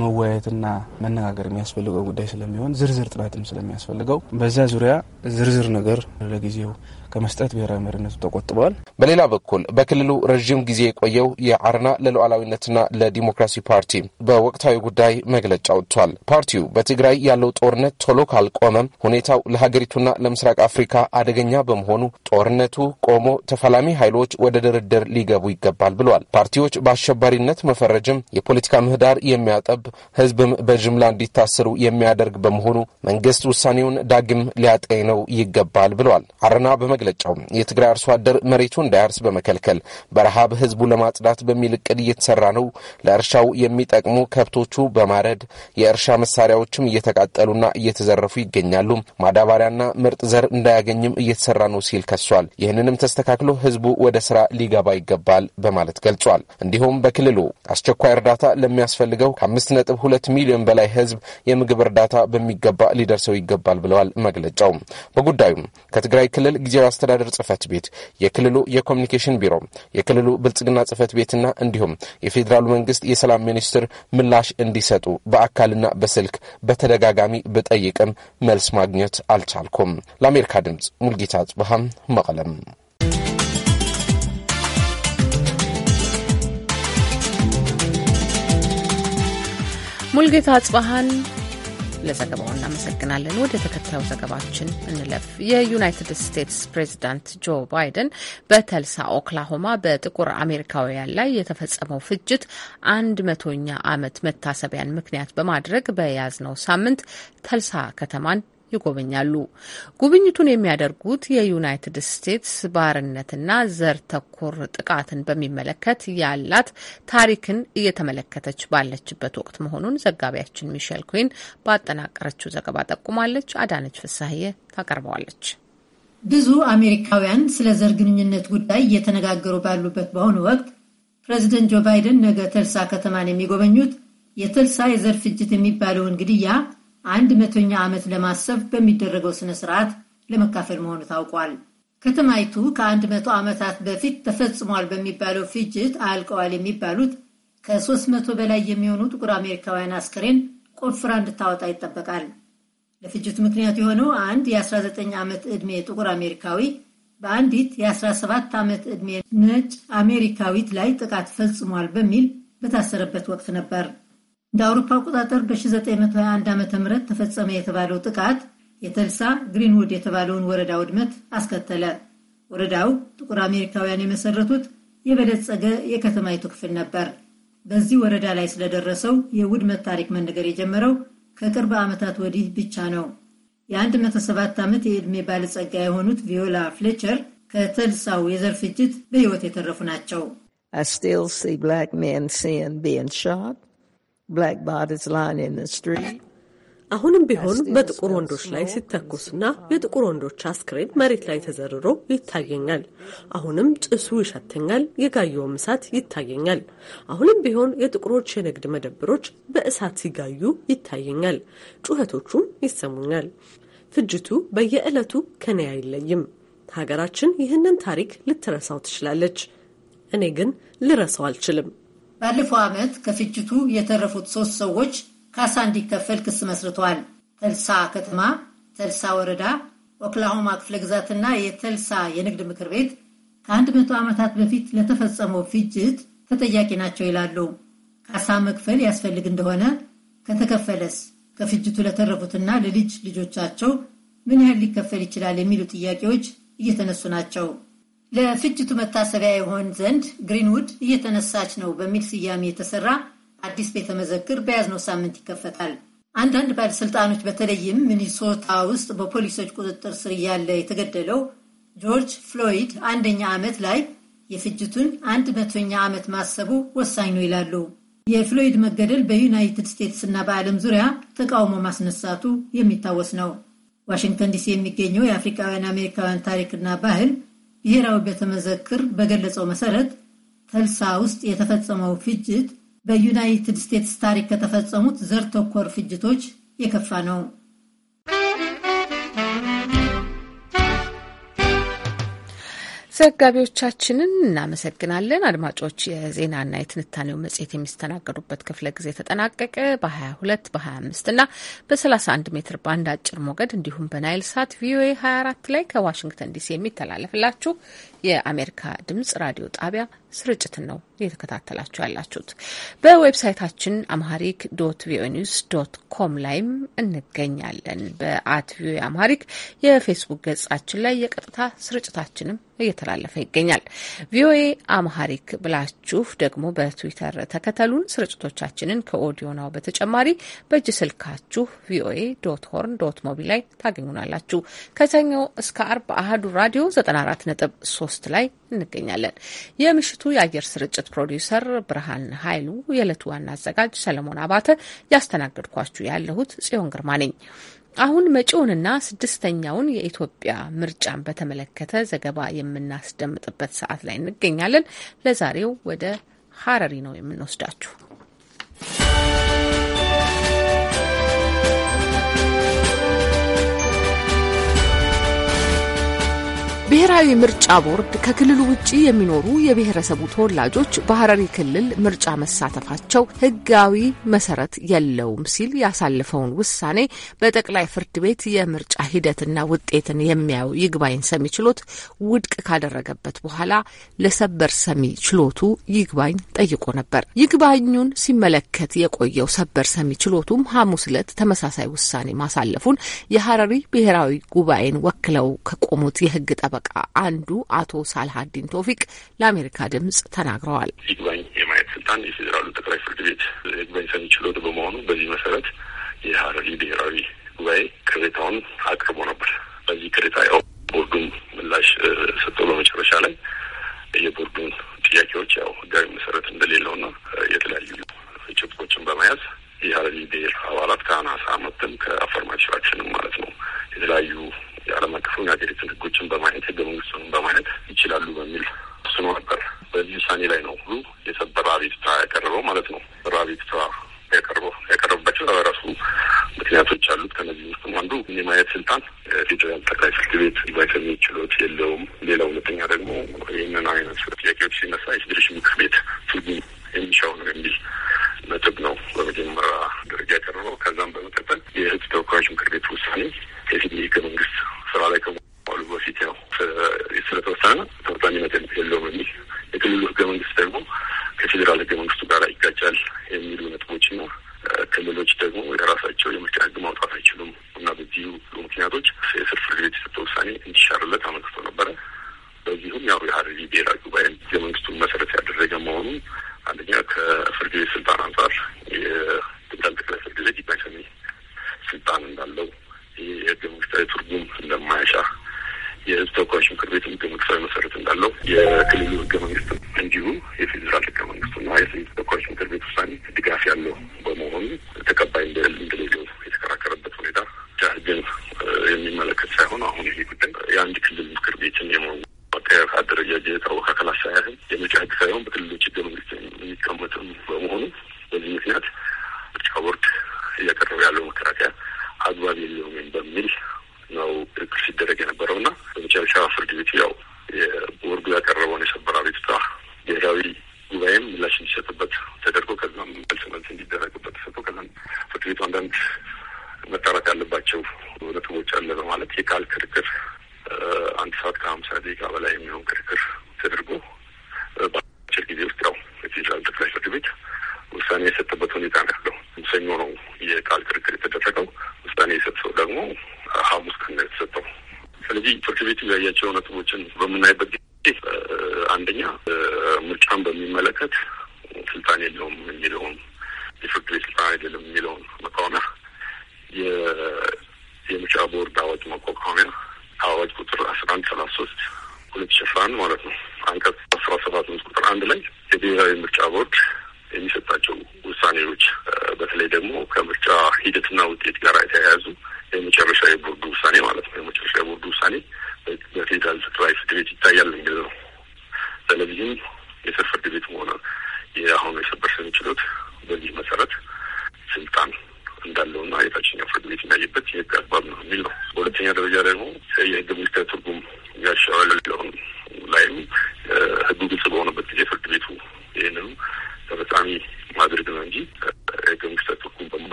መወያየትና መነጋገር የሚያስፈልገው ጉዳይ ስለሚሆን ዝርዝር ጥናትም ስለሚያስፈልገው በዛ ዙሪያ ዝርዝር ነገር ለጊዜው ከመስጠት ብሔራዊ መሪነቱ ተቆጥበዋል። በሌላ በኩል በክልሉ ረዥም ጊዜ የቆየው የአረና ለሉዓላዊነትና ለዲሞክራሲ ፓርቲ በወቅታዊ ጉዳይ መግለጫ ወጥቷል። ፓርቲው በትግራይ ያለው ጦርነት ቶሎ ካልቆመም ሁኔታው ለሀገሪቱና ለምስራቅ አፍሪካ አደገኛ በመሆኑ ጦርነቱ ቆሞ ተፋላሚ ኃይሎች ወደ ድርድር ሊገቡ ይገባል ብሏል። ፓርቲዎች በአሸባሪነት መፈረጅም የፖለቲካ ምህዳር የሚያጠብ ህዝብም በጅምላ እንዲታሰሩ የሚያደርግ በመሆኑ መንግስት ውሳኔውን ዳግም ሊያጤነው ይገባል ብሏል። አረና በመግለ በመግለጫው የትግራይ አርሶ አደር መሬቱ እንዳያርስ በመከልከል በረሃብ ህዝቡ ለማጽዳት በሚል እቅድ እየተሰራ ነው። ለእርሻው የሚጠቅሙ ከብቶቹ በማረድ የእርሻ መሳሪያዎችም እየተቃጠሉና እየተዘረፉ ይገኛሉ። ማዳበሪያና ምርጥ ዘር እንዳያገኝም እየተሰራ ነው ሲል ከሷል። ይህንንም ተስተካክሎ ህዝቡ ወደ ስራ ሊገባ ይገባል በማለት ገልጿል። እንዲሁም በክልሉ አስቸኳይ እርዳታ ለሚያስፈልገው ከአምስት ነጥብ ሁለት ሚሊዮን በላይ ህዝብ የምግብ እርዳታ በሚገባ ሊደርሰው ይገባል ብለዋል መግለጫው። በጉዳዩም ከትግራይ ክልል ጊዜ ጊዜያዊ አስተዳደር ጽህፈት ቤት፣ የክልሉ የኮሚኒኬሽን ቢሮ፣ የክልሉ ብልጽግና ጽህፈት ቤትና እንዲሁም የፌዴራሉ መንግስት የሰላም ሚኒስትር ምላሽ እንዲሰጡ በአካልና በስልክ በተደጋጋሚ ብጠይቅም መልስ ማግኘት አልቻልኩም። ለአሜሪካ ድምፅ ሙልጌታ ጽብሃም መቀለም። ሙልጌታ ጽብሃን ለዘገባው እናመሰግናለን። ወደ ተከታዩ ዘገባችን እንለፍ። የዩናይትድ ስቴትስ ፕሬዚዳንት ጆ ባይደን በተልሳ ኦክላሆማ በጥቁር አሜሪካውያን ላይ የተፈጸመው ፍጅት አንድ መቶኛ ዓመት መታሰቢያን ምክንያት በማድረግ በያዝነው ሳምንት ተልሳ ከተማን ይጎበኛሉ። ጉብኝቱን የሚያደርጉት የዩናይትድ ስቴትስ ባርነትና ዘር ተኮር ጥቃትን በሚመለከት ያላት ታሪክን እየተመለከተች ባለችበት ወቅት መሆኑን ዘጋቢያችን ሚሸል ኩዊን ባጠናቀረችው ዘገባ ጠቁማለች። አዳነች ፍሳሐዬ ታቀርበዋለች። ብዙ አሜሪካውያን ስለ ዘር ግንኙነት ጉዳይ እየተነጋገሩ ባሉበት በአሁኑ ወቅት ፕሬዚደንት ጆ ባይደን ነገ ተልሳ ከተማን የሚጎበኙት የተልሳ የዘር ፍጅት የሚባለውን ግድያ አንድ መቶኛ ዓመት ለማሰብ በሚደረገው ስነ ስርዓት ለመካፈል መሆኑ ታውቋል። ከተማይቱ ከአንድ መቶ ዓመታት በፊት ተፈጽሟል በሚባለው ፍጅት አልቀዋል የሚባሉት ከሦስት መቶ በላይ የሚሆኑ ጥቁር አሜሪካውያን አስክሬን ቆፍራ እንድታወጣ ይጠበቃል። ለፍጅቱ ምክንያት የሆነው አንድ የ19 ዓመት ዕድሜ ጥቁር አሜሪካዊ በአንዲት የ17 ዓመት ዕድሜ ነጭ አሜሪካዊት ላይ ጥቃት ፈጽሟል በሚል በታሰረበት ወቅት ነበር። እንደ አውሮፓ አቆጣጠር በ1921 ዓ.ም ተፈጸመ የተባለው ጥቃት የተልሳ ግሪንውድ የተባለውን ወረዳ ውድመት አስከተለ። ወረዳው ጥቁር አሜሪካውያን የመሰረቱት የበለጸገ የከተማይቱ ክፍል ነበር። በዚህ ወረዳ ላይ ስለደረሰው የውድመት ታሪክ መነገር የጀመረው ከቅርብ ዓመታት ወዲህ ብቻ ነው። የ107 ዓመት የዕድሜ ባለጸጋ የሆኑት ቪዮላ ፍሌቸር ከተልሳው የዘር ፍጅት በሕይወት የተረፉ ናቸው። I still see black men being shot. አሁንም ቢሆን በጥቁር ወንዶች ላይ ሲተኩስና የጥቁር ወንዶች አስክሬን መሬት ላይ ተዘርሮ ይታየኛል። አሁንም ጭሱ ይሸተኛል፣ የጋየውም እሳት ይታየኛል። አሁንም ቢሆን የጥቁሮች የንግድ መደብሮች በእሳት ሲጋዩ ይታየኛል፣ ጩኸቶቹም ይሰሙኛል። ፍጅቱ በየዕለቱ ከኔ አይለይም። ሀገራችን ይህንን ታሪክ ልትረሳው ትችላለች፣ እኔ ግን ልረሳው አልችልም። ባለፈው ዓመት ከፍጅቱ የተረፉት ሶስት ሰዎች ካሳ እንዲከፈል ክስ መስርተዋል። ተልሳ ከተማ፣ ተልሳ ወረዳ፣ ኦክላሆማ ክፍለ ግዛትና የተልሳ የንግድ ምክር ቤት ከአንድ መቶ ዓመታት በፊት ለተፈጸመው ፍጅት ተጠያቂ ናቸው ይላሉ። ካሳ መክፈል ያስፈልግ እንደሆነ ከተከፈለስ ከፍጅቱ ለተረፉትና ለልጅ ልጆቻቸው ምን ያህል ሊከፈል ይችላል የሚሉ ጥያቄዎች እየተነሱ ናቸው። ለፍጅቱ መታሰቢያ የሆን ዘንድ ግሪንውድ እየተነሳች ነው በሚል ስያሜ የተሰራ አዲስ ቤተ መዘክር በያዝነው ሳምንት ይከፈታል። አንዳንድ ባለሥልጣኖች በተለይም ሚኒሶታ ውስጥ በፖሊሶች ቁጥጥር ስር እያለ የተገደለው ጆርጅ ፍሎይድ አንደኛ ዓመት ላይ የፍጅቱን አንድ መቶኛ ዓመት ማሰቡ ወሳኝ ነው ይላሉ። የፍሎይድ መገደል በዩናይትድ ስቴትስ እና በዓለም ዙሪያ ተቃውሞ ማስነሳቱ የሚታወስ ነው። ዋሽንግተን ዲሲ የሚገኘው የአፍሪካውያን አሜሪካውያን ታሪክና ባህል ብሔራዊ ቤተመዘክር በገለጸው መሰረት ተልሳ ውስጥ የተፈጸመው ፍጅት በዩናይትድ ስቴትስ ታሪክ ከተፈጸሙት ዘር ተኮር ፍጅቶች የከፋ ነው። ዘጋቢዎቻችንን እናመሰግናለን። አድማጮች፣ የዜናና የትንታኔው መጽሔት የሚስተናገዱበት ክፍለ ጊዜ ተጠናቀቀ። በ22 በ25 እና በ31 ሜትር ባንድ አጭር ሞገድ እንዲሁም በናይል ሳት ቪኦኤ 24 ላይ ከዋሽንግተን ዲሲ የሚተላለፍላችሁ የአሜሪካ ድምጽ ራዲዮ ጣቢያ ስርጭትን ነው እየተከታተላችሁ ያላችሁት። በዌብሳይታችን አምሃሪክ ዶት ቪኦኤ ኒውስ ዶት ኮም ላይም እንገኛለን። በአት ቪኦኤ አምሃሪክ የፌስቡክ ገጻችን ላይ የቀጥታ ስርጭታችንም እየተላለፈ ይገኛል። ቪኦኤ አምሃሪክ ብላችሁ ደግሞ በትዊተር ተከተሉን። ስርጭቶቻችንን ከኦዲዮ ናው በተጨማሪ በእጅ ስልካችሁ ቪኦኤ ዶት ሆርን ዶት ሞቢ ላይ ታገኙናላችሁ። ከሰኞ እስከ አርብ አህዱ ራዲዮ 94 ነጥብ ሶስት ላይ እንገኛለን። የምሽቱ የአየር ስርጭት ፕሮዲውሰር ብርሃን ኃይሉ፣ የዕለቱ ዋና አዘጋጅ ሰለሞን አባተ፣ ያስተናገድኳችሁ ያለሁት ጽዮን ግርማ ነኝ። አሁን መጪውንና ስድስተኛውን የኢትዮጵያ ምርጫን በተመለከተ ዘገባ የምናስደምጥበት ሰዓት ላይ እንገኛለን። ለዛሬው ወደ ሀረሪ ነው የምንወስዳችሁ። ብሔራዊ ምርጫ ቦርድ ከክልሉ ውጭ የሚኖሩ የብሔረሰቡ ተወላጆች በሐረሪ ክልል ምርጫ መሳተፋቸው ሕጋዊ መሰረት የለውም ሲል ያሳለፈውን ውሳኔ በጠቅላይ ፍርድ ቤት የምርጫ ሂደትና ውጤትን የሚያዩ ይግባኝ ሰሚ ችሎት ውድቅ ካደረገበት በኋላ ለሰበር ሰሚ ችሎቱ ይግባኝ ጠይቆ ነበር። ይግባኙን ሲመለከት የቆየው ሰበር ሰሚ ችሎቱም ሐሙስ ዕለት ተመሳሳይ ውሳኔ ማሳለፉን የሐረሪ ብሔራዊ ጉባኤን ወክለው ከቆሙት የሕግ ጠበ ጠበቃ አንዱ አቶ ሳልሃዲን ቶፊቅ ለአሜሪካ ድምጽ ተናግረዋል። ይግባኝ የማየት ስልጣን የፌዴራሉ ጠቅላይ ፍርድ ቤት ይግባኝ ሰሚ ችሎት በመሆኑ በዚህ መሰረት የሀረሪ ብሔራዊ ጉባኤ ቅሬታውን አቅርቦ ነበር። በዚህ ቅሬታ ያው ቦርዱም ምላሽ ሰጠው። በመጨረሻ ላይ የቦርዱን ጥያቄዎች ያው ህጋዊ መሰረት እንደሌለውና የተለያዩ ጭብጦችን በመያዝ የሀረሪ ብሔር አባላት ከአናሳ መብትም ከአፈርማቲቭ አክሽንም ማለት ነው የተለያዩ የዓለም አቀፉን የሀገሪቱን ህጎችን በማየት ህገ መንግስቱን በማየት ይችላሉ በሚል ወስኖ ነበር። በዚህ ውሳኔ ላይ ነው ሁሉ የሰበር አቤቱታ ያቀረበው ማለት ነው። ሰበር አቤቱታ ያቀርበው ያቀረበባቸው ለራሱ ምክንያቶች አሉት። ከነዚህ ውስጥም አንዱ የማየት ስልጣን ፌዴራል ጠቅላይ ፍርድ ቤት ባይሰሚ ችሎት የለውም። ሌላ ሁለተኛ ደግሞ ይህንን አይነት ጥያቄዎች ሲነሳ የፌዴሬሽን ምክር ቤት ፍርዱ የሚሻው ነው የሚል ነጥብ ነው በመጀመሪያ ደረጃ ያቀረበው። ከዛም በመቀጠል የህዝብ ተወካዮች ምክር ቤት ውሳኔ ከፊት ህገ መንግስት ስራ ላይ ከመዋሉ በፊት ያው ስለተወሰነ ተፈጻሚነት የለውም የሚል የክልሉ ህገ መንግስት ደግሞ ከፌዴራል ህገ መንግስቱ ጋር ይጋጫል የሚሉ ነጥቦችና ክልሎች ደግሞ የራሳቸው የምርጫ ህግ ማውጣት አይችሉም እና በዚሁ ምክንያቶች የስር ፍርድ ቤት የሰጠ ውሳኔ እንዲሻርለት አመልክቶ ነበረ። በዚሁም ያው የሀረሪ ብሔራዊ ጉባኤ ህገ መንግስቱን መሰረት ያደረገ መሆኑን አንደኛ ከፍርድ ቤት ስልጣን አንጻር የፌዴራል ጠቅላይ ፍርድ ቤት ይግባኝ ሰሚ ስልጣን እንዳለው የህገ መንግስታዊ ትርጉም እንደማያሻ የህዝብ ተወካዮች ምክር ቤት ህገ መንግስታዊ መሰረት እንዳለው የክልሉ ህገ መንግስት እንዲሁ የፌዴራል ህገ ና የህዝብ ተወካዮች ምክር ቤት ውሳኔ ድጋፍ ያለው በመሆኑ ተቀባይ እንደሌለው የተከራከረበት ሁኔታ ህግን የሚመለከት ሳይሆን አሁን ይሄ ጉዳይ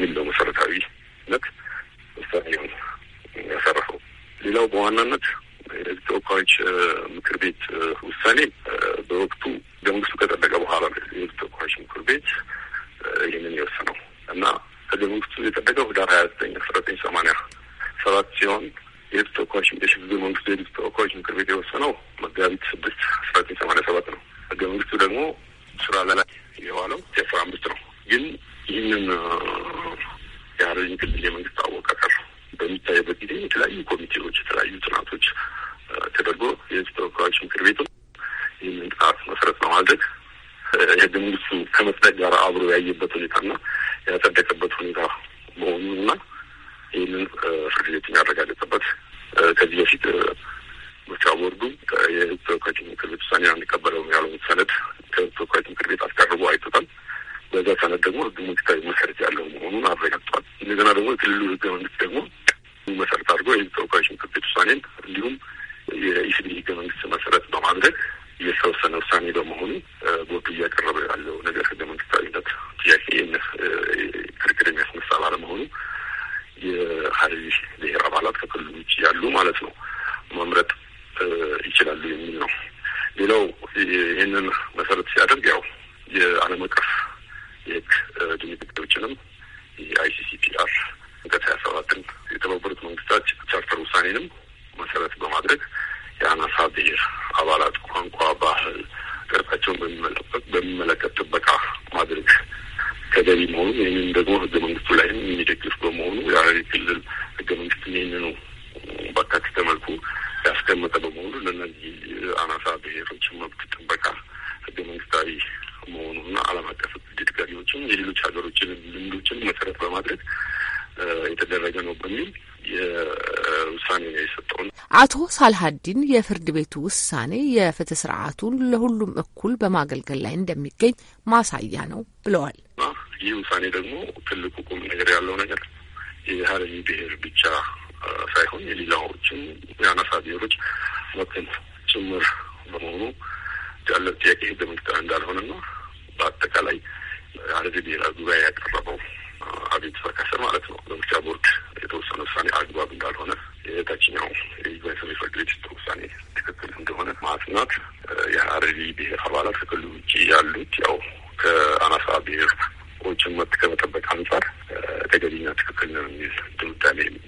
የሚል ነው ነት ውሳኔውን ያሳረፈው። ሌላው በዋናነት የህዝብ ተወካዮች ምክር ቤት ውሳኔ በወቅቱ መንግስቱ ከጸደቀ በኋላ የህዝብ ተወካዮች ምክር ቤት ይህንን የወሰነው እና ህገ መንግስቱ የጸደቀው ህዳር ሀያ ዘጠኝ አስራ ዘጠኝ ሰማንያ ሰባት ሲሆን የህዝብ ተወካዮች ምሽ መንግስቱ የህዝብ ተወካዮች ምክር ቤት የወሰነው መጋቢት ስድስት አስራ ዘጠኝ ሰማንያ ሰባት ነው። ህገ መንግስቱ ደግሞ ስራ በላይ የዋለው የአስራ አምስት ነው። ግን ይህንን ሀረሪን ክልል የመንግስት አወቃቀር በሚታይበት ጊዜ የተለያዩ ኮሚቴዎች፣ የተለያዩ ጥናቶች ተደርጎ የህዝብ ተወካዮች ምክር ቤቱ ይህንን ጥናት መሰረት በማድረግ የህገ መንግስቱ ከመጽደቅ ጋር አብሮ ያየበት ሁኔታና ያጸደቀበት ሁኔታ መሆኑና ይህንን ፍርድ ቤት የሚያረጋገጠበት ከዚህ በፊት ምርጫ ቦርዱ የህዝብ ተወካዮች ምክር ቤት ውሳኔ አንቀበለውም ያለውን ሰነድ ከህዝብ ተወካዮች ምክር ቤት አስቀርቦ አይቶታል። በዛ ሰነድ ደግሞ ህግ መንግስታዊ መሰረት ያለው መሆኑን አረጋግጧል። እንደገና ደግሞ የክልሉ ህገ መንግስት ደግሞ መሰረት አድርጎ የህዝብ ተወካዮች ምክር ቤት ውሳኔን እንዲሁም የኢስቢ ህገ መንግስት መሰረት በማድረግ የተወሰነ ውሳኔ በመሆኑ ቦርዱ እያቀረበ ያለው ነገር ህገ መንግስታዊነት ጥያቄ ክርክር የሚያስነሳ ባለመሆኑ የሀረሪ ብሔር አባላት ከክልሉ ውጭ ያሉ ማለት ነው መምረጥ ይችላሉ የሚል ነው። ሌላው ይህንን መሰረት ሲያደርግ ያው የዓለም አቀፍ የህግ ድንጋጌዎችንም የአይሲሲፒአር አንቀጽ ሀያ ሰባትን የተባበሩት መንግስታት ቻርተር ውሳኔንም መሰረት በማድረግ የአናሳ ብሔር አባላት ቋንቋ፣ ባህል፣ ቅርጻቸውን በሚመለከት ጥበቃ ማድረግ ተገቢ መሆኑ ይህንን ደግሞ ህገ መንግስቱ ላይም የሚደግፍ በመሆኑ የሀረሪ ክልል ህገ መንግስት ይህንኑ ባካተተ መልኩ ያስቀመጠ በመሆኑ ለእነዚህ አናሳ ብሔሮች መብት ጥበቃ በሚል የውሳኔ ነው የሰጠው። አቶ ሳልሀዲን የፍርድ ቤቱ ውሳኔ የፍትህ ስርዓቱን ለሁሉም እኩል በማገልገል ላይ እንደሚገኝ ማሳያ ነው ብለዋል። ይህ ውሳኔ ደግሞ ትልቁ ቁም ነገር ያለው ነገር የሀረሪ ብሔር ብቻ ሳይሆን የሌላዎችም የአናሳ ብሔሮች መብትን ጭምር በመሆኑ ያለ ጥያቄ ህገ መንግስታዊ እንዳልሆነና በአጠቃላይ ሀረሪ ብሔራዊ ጉባኤ ያቀረበው አቤት ከስር ማለት ነው በምርጫ ቦርድ የተወሰነ ውሳኔ አግባብ እንዳልሆነ የታችኛው የይግባኝ ሰሚ ፍርድ ቤት ውሳኔ ትክክል እንደሆነ ማጽናት የሀረሪ ብሔር አባላት ከክልሉ ውጭ ያሉት ያው ከአናሳ ብሔር ዎችን መብት ከመጠበቅ አንጻር ተገቢና ትክክል ነው የሚል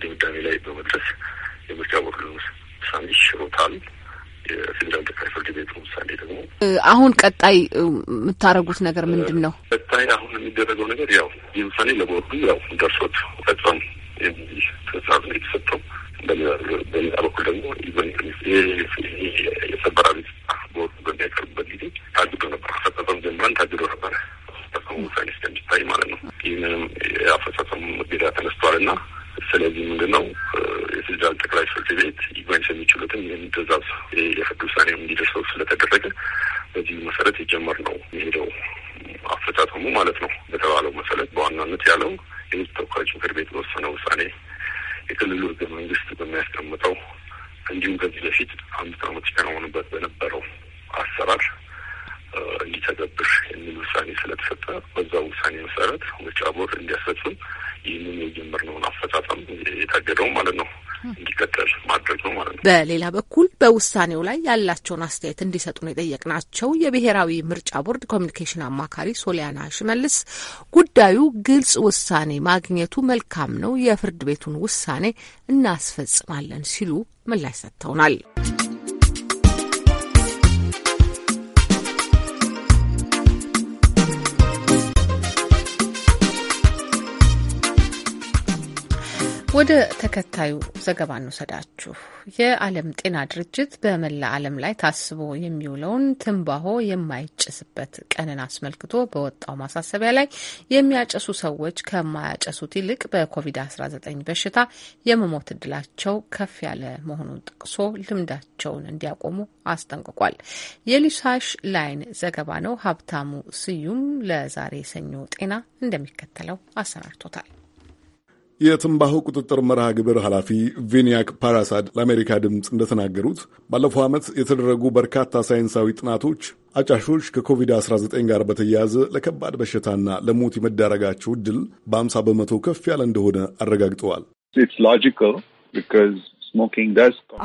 ድምዳሜ ላይ በመድረስ የምርጫ ቦርድ ውሳኔ ይሽሮታል። የፌዴራል ጠቅላይ ፍርድ ቤቱ ውሳኔ ደግሞ አሁን ቀጣይ የምታደርጉት ነገር ምንድን ነው? ቀጣይ አሁን የሚደረገው ነገር ያው ይህ ውሳኔ ለቦርዱ ያው ደርሶት ፈጽም የሚል ትዕዛዝ ነው የተሰጠው። በሌላ በኩል ደግሞ የሰበራ ቤት ቦርዱ በሚያቀርብበት ጊዜ ታግዶ ነበር። አፈጻጸም ጀምረን ታግዶ ነበረ። አፈጻጸሙ ውሳኔ እስከሚታይ ማለት ነው። ይህንም የአፈጻጸም ግዳ ተነስተዋል እና ስለዚህ ምንድን ነው የፌዴራል ጠቅላይ ፍርድ ቤት ይግባኝ ሰሚ ይህን ትእዛዝ የፍርድ ውሳኔ እንዲደርሰው ስለተደረገ በዚህ መሰረት የጀመር ነው የሄደው አፈጻጸሙ ማለት ነው። በተባለው መሰረት በዋናነት ያለው የህዝብ ተወካዮች ምክር ቤት በወሰነ ውሳኔ የክልሉ ህገ መንግስት በሚያስቀምጠው እንዲሁም ከዚህ በፊት አምስት ዓመት ሲከናወንበት በነበረው አሰራር እንዲተገብር የሚል ውሳኔ ስለተሰጠ በዛ ውሳኔ መሰረት ምርጫ ቦርድ እንዲያስፈጽም በሌላ በኩል በውሳኔው ላይ ያላቸውን አስተያየት እንዲሰጡን የጠየቅናቸው የብሔራዊ ምርጫ ቦርድ ኮሚኒኬሽን አማካሪ ሶሊያና ሽመልስ ጉዳዩ ግልጽ ውሳኔ ማግኘቱ መልካም ነው፣ የፍርድ ቤቱን ውሳኔ እናስፈጽማለን ሲሉ ምላሽ ሰጥተውናል። ወደ ተከታዩ ዘገባ እንውሰዳችሁ። የዓለም ጤና ድርጅት በመላ ዓለም ላይ ታስቦ የሚውለውን ትንባሆ የማይጨስበት ቀንን አስመልክቶ በወጣው ማሳሰቢያ ላይ የሚያጨሱ ሰዎች ከማያጨሱት ይልቅ በኮቪድ-19 በሽታ የመሞት እድላቸው ከፍ ያለ መሆኑን ጠቅሶ ልምዳቸውን እንዲያቆሙ አስጠንቅቋል። የሊሳሽ ላይን ዘገባ ነው። ሀብታሙ ስዩም ለዛሬ የሰኞ ጤና እንደሚከተለው አሰናድቶታል። የትንባሆ ቁጥጥር መርሃ ግብር ኃላፊ ቪኒያክ ፓራሳድ ለአሜሪካ ድምፅ እንደተናገሩት ባለፈው ዓመት የተደረጉ በርካታ ሳይንሳዊ ጥናቶች አጫሾች ከኮቪድ-19 ጋር በተያያዘ ለከባድ በሽታና ለሞት የመዳረጋቸው እድል በ50 በመቶ ከፍ ያለ እንደሆነ አረጋግጠዋል።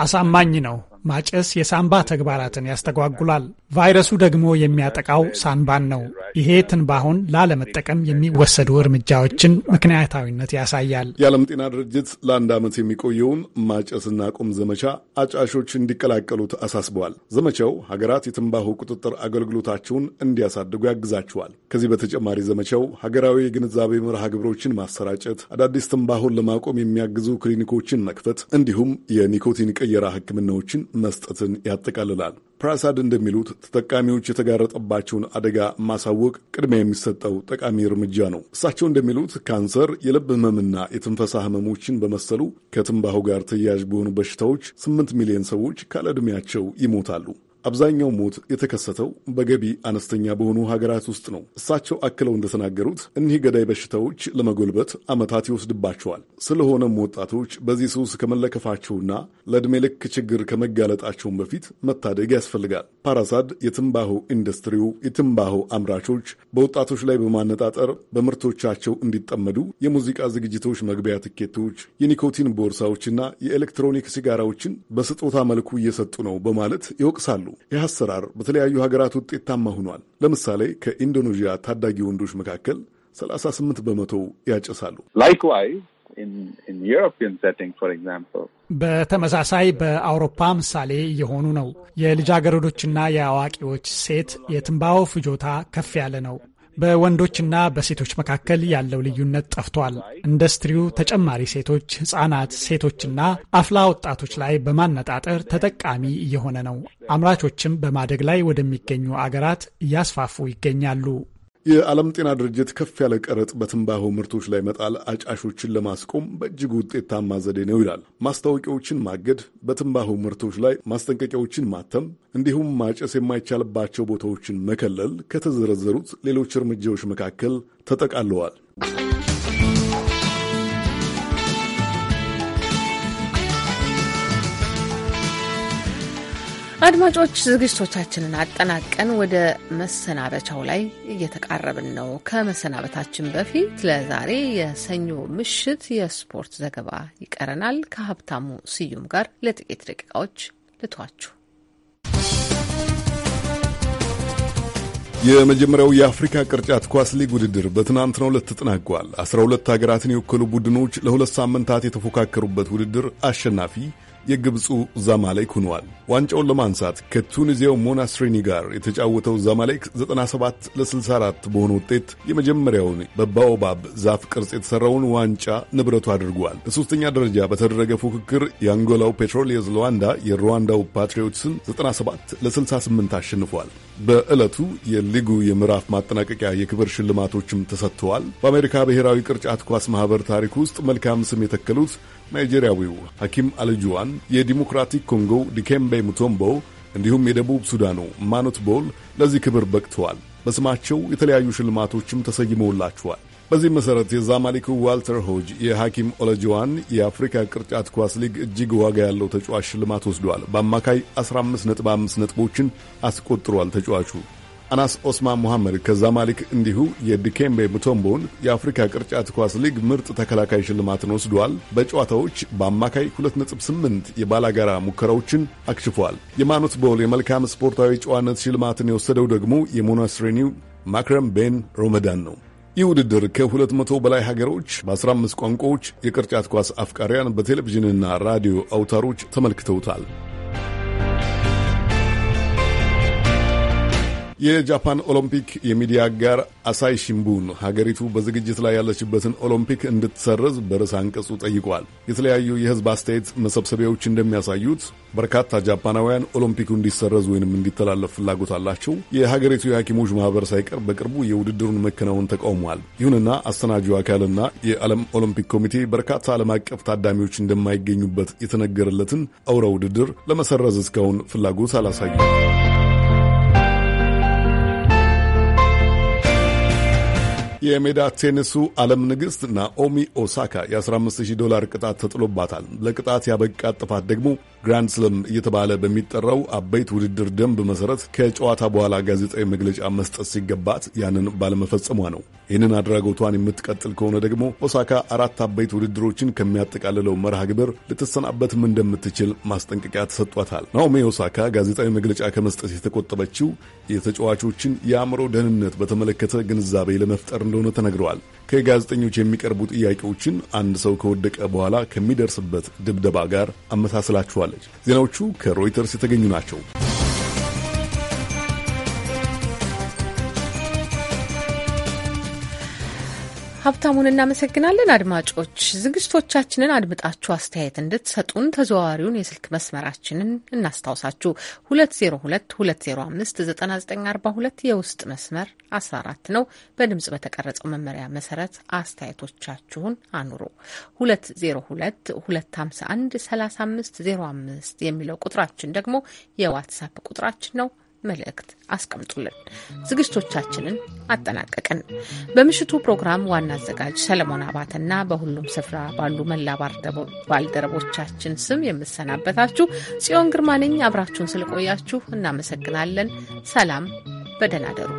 አሳማኝ ነው። ማጨስ የሳንባ ተግባራትን ያስተጓጉላል። ቫይረሱ ደግሞ የሚያጠቃው ሳንባን ነው። ይሄ ትንባሆን ላለመጠቀም የሚወሰዱ እርምጃዎችን ምክንያታዊነት ያሳያል። የዓለም ጤና ድርጅት ለአንድ ዓመት የሚቆየውን ማጨስና ቁም ዘመቻ አጫሾች እንዲቀላቀሉት አሳስበዋል። ዘመቻው ሀገራት የትንባሆ ቁጥጥር አገልግሎታቸውን እንዲያሳድጉ ያግዛቸዋል። ከዚህ በተጨማሪ ዘመቻው ሀገራዊ የግንዛቤ መርሃ ግብሮችን ማሰራጨት፣ አዳዲስ ትንባሆን ለማቆም የሚያግዙ ክሊኒኮችን መክፈት እንዲሁም የኒኮቲን ቀየራ ሕክምናዎችን መስጠትን ያጠቃልላል። ፕራሳድ እንደሚሉት ተጠቃሚዎች የተጋረጠባቸውን አደጋ ማሳወቅ ቅድሚያ የሚሰጠው ጠቃሚ እርምጃ ነው። እሳቸው እንደሚሉት ካንሰር፣ የልብ ህመምና የትንፈሳ ህመሞችን በመሰሉ ከትንባሁ ጋር ተያያዥ በሆኑ በሽታዎች ስምንት ሚሊዮን ሰዎች ካለዕድሜያቸው ይሞታሉ። አብዛኛው ሞት የተከሰተው በገቢ አነስተኛ በሆኑ ሀገራት ውስጥ ነው። እሳቸው አክለው እንደተናገሩት እኒህ ገዳይ በሽታዎች ለመጎልበት ዓመታት ይወስድባቸዋል። ስለሆነም ወጣቶች በዚህ ሱስ ከመለከፋቸውና ለዕድሜ ልክ ችግር ከመጋለጣቸውን በፊት መታደግ ያስፈልጋል። ፓራሳድ የትንባሆ ኢንዱስትሪው የትንባሆ አምራቾች በወጣቶች ላይ በማነጣጠር በምርቶቻቸው እንዲጠመዱ የሙዚቃ ዝግጅቶች መግቢያ ትኬቶች፣ የኒኮቲን ቦርሳዎችና የኤሌክትሮኒክ ሲጋራዎችን በስጦታ መልኩ እየሰጡ ነው በማለት ይወቅሳሉ። ይህ አሰራር በተለያዩ ሀገራት ውጤታማ ሆኗል። ለምሳሌ ከኢንዶኔዥያ ታዳጊ ወንዶች መካከል 38 በመቶ ያጨሳሉ። በተመሳሳይ በአውሮፓ ምሳሌ እየሆኑ ነው። የልጃገረዶችና የአዋቂዎች ሴት የትንባሆ ፍጆታ ከፍ ያለ ነው። በወንዶችና በሴቶች መካከል ያለው ልዩነት ጠፍቷል። ኢንዱስትሪው ተጨማሪ ሴቶች፣ ህጻናት፣ ሴቶችና አፍላ ወጣቶች ላይ በማነጣጠር ተጠቃሚ እየሆነ ነው። አምራቾችም በማደግ ላይ ወደሚገኙ አገራት እያስፋፉ ይገኛሉ። የዓለም ጤና ድርጅት ከፍ ያለ ቀረጥ በትንባሆ ምርቶች ላይ መጣል አጫሾችን ለማስቆም በእጅግ ውጤታማ ዘዴ ነው ይላል። ማስታወቂያዎችን ማገድ፣ በትንባሆ ምርቶች ላይ ማስጠንቀቂያዎችን ማተም፣ እንዲሁም ማጨስ የማይቻልባቸው ቦታዎችን መከለል ከተዘረዘሩት ሌሎች እርምጃዎች መካከል ተጠቃለዋል። አድማጮች ዝግጅቶቻችንን አጠናቀን ወደ መሰናበቻው ላይ እየተቃረብን ነው። ከመሰናበታችን በፊት ለዛሬ የሰኞ ምሽት የስፖርት ዘገባ ይቀረናል። ከሀብታሙ ስዩም ጋር ለጥቂት ደቂቃዎች ልቷችሁ። የመጀመሪያው የአፍሪካ ቅርጫት ኳስ ሊግ ውድድር በትናንትናው ዕለት ተጠናቋል። አስራ ሁለት ሀገራትን የወከሉ ቡድኖች ለሁለት ሳምንታት የተፎካከሩበት ውድድር አሸናፊ የግብፁ ዛማሌክ ሆኗል። ዋንጫውን ለማንሳት ከቱኒዚያው ሞናስሪኒ ጋር የተጫወተው ዛማሌክ 97 ለ64 በሆነ ውጤት የመጀመሪያውን በባኦባብ ዛፍ ቅርጽ የተሠራውን ዋንጫ ንብረቱ አድርጓል። በሦስተኛ ደረጃ በተደረገ ፉክክር የአንጎላው ፔትሮሊየስ ሉዋንዳ የሩዋንዳው ፓትሪዮትስን 97 ለ68 አሸንፏል። በዕለቱ የሊጉ የምዕራፍ ማጠናቀቂያ የክብር ሽልማቶችም ተሰጥተዋል። በአሜሪካ ብሔራዊ ቅርጫት ኳስ ማኅበር ታሪክ ውስጥ መልካም ስም የተከሉት ናይጄሪያዊው ሐኪም አልጁዋን፣ የዲሞክራቲክ ኮንጎ ዲኬምቤ ሙቶምቦ እንዲሁም የደቡብ ሱዳኑ ማኖት ቦል ለዚህ ክብር በቅተዋል። በስማቸው የተለያዩ ሽልማቶችም ተሰይመውላቸዋል። በዚህ መሠረት የዛማሊኩ ዋልተር ሆጅ የሐኪም ኦለጅዋን የአፍሪካ ቅርጫት ኳስ ሊግ እጅግ ዋጋ ያለው ተጫዋች ሽልማት ወስዷል። በአማካይ 15.5 ነጥቦችን አስቆጥሯል ተጫዋቹ አናስ ኦስማን ከዛ ከዛማሊክ እንዲሁ የዲኬምቤ ሙቶምቦን የአፍሪካ ቅርጫት ኳስ ሊግ ምርጥ ተከላካይ ሽልማትን ወስዷል። በጨዋታዎች በአማካይ 2.8 የባላጋራ ሙከራዎችን አክሽፏል። የማኖት ቦል የመልካም ስፖርታዊ ጨዋነት ሽልማትን የወሰደው ደግሞ የሞናስሬኒው ማክረም ቤን ሮመዳን ነው። ይህ ውድድር ከ200 በላይ ሀገሮች በ15 ቋንቋዎች የቅርጫት ኳስ አፍቃሪያን በቴሌቪዥንና ራዲዮ አውታሮች ተመልክተውታል። የጃፓን ኦሎምፒክ የሚዲያ አጋር አሳይ ሺምቡን ሀገሪቱ በዝግጅት ላይ ያለችበትን ኦሎምፒክ እንድትሰርዝ በርዕስ አንቀጹ ጠይቋል። የተለያዩ የህዝብ አስተያየት መሰብሰቢያዎች እንደሚያሳዩት በርካታ ጃፓናውያን ኦሎምፒኩ እንዲሰረዝ ወይንም እንዲተላለፍ ፍላጎት አላቸው። የሀገሪቱ የሐኪሞች ማህበር ሳይቀር በቅርቡ የውድድሩን መከናወን ተቃውሟል። ይሁንና አስተናጁ አካልና የዓለም ኦሎምፒክ ኮሚቴ በርካታ ዓለም አቀፍ ታዳሚዎች እንደማይገኙበት የተነገረለትን አውረ ውድድር ለመሰረዝ እስካሁን ፍላጎት አላሳዩም። የሜዳ ቴኒሱ ዓለም ንግሥት ናኦሚ ኦሳካ የ15,000 ዶላር ቅጣት ተጥሎባታል። ለቅጣት ያበቃት ጥፋት ደግሞ ግራንድ ስለም እየተባለ በሚጠራው አበይት ውድድር ደንብ መሰረት ከጨዋታ በኋላ ጋዜጣዊ መግለጫ መስጠት ሲገባት ያንን ባለመፈጸሟ ነው። ይህንን አድራጎቷን የምትቀጥል ከሆነ ደግሞ ኦሳካ አራት አበይት ውድድሮችን ከሚያጠቃልለው መርሃ ግብር ልትሰናበትም እንደምትችል ማስጠንቀቂያ ተሰጧታል። ናኦሚ ኦሳካ ጋዜጣዊ መግለጫ ከመስጠት የተቆጠበችው የተጫዋቾችን የአእምሮ ደህንነት በተመለከተ ግንዛቤ ለመፍጠር እንደሆነ ተነግረዋል። ከጋዜጠኞች የሚቀርቡ ጥያቄዎችን አንድ ሰው ከወደቀ በኋላ ከሚደርስበት ድብደባ ጋር አመሳስላችኋለች። ዜናዎቹ ከሮይተርስ የተገኙ ናቸው። ሀብታሙን እናመሰግናለን። አድማጮች ዝግጅቶቻችንን አድምጣችሁ አስተያየት እንድትሰጡን ተዘዋዋሪውን የስልክ መስመራችንን እናስታውሳችሁ 2022059942 የውስጥ መስመር 14 ነው። በድምጽ በተቀረጸው መመሪያ መሰረት አስተያየቶቻችሁን አኑሩ። 2022513505 የሚለው ቁጥራችን ደግሞ የዋትሳፕ ቁጥራችን ነው። መልእክት አስቀምጡልን። ዝግጅቶቻችንን አጠናቀቅን። በምሽቱ ፕሮግራም ዋና አዘጋጅ ሰለሞን አባተና በሁሉም ስፍራ ባሉ መላ ባልደረቦቻችን ስም የምሰናበታችሁ ጽዮን ግርማ ነኝ። አብራችሁን ስለቆያችሁ እናመሰግናለን። ሰላም፣ በደህና ደሩ።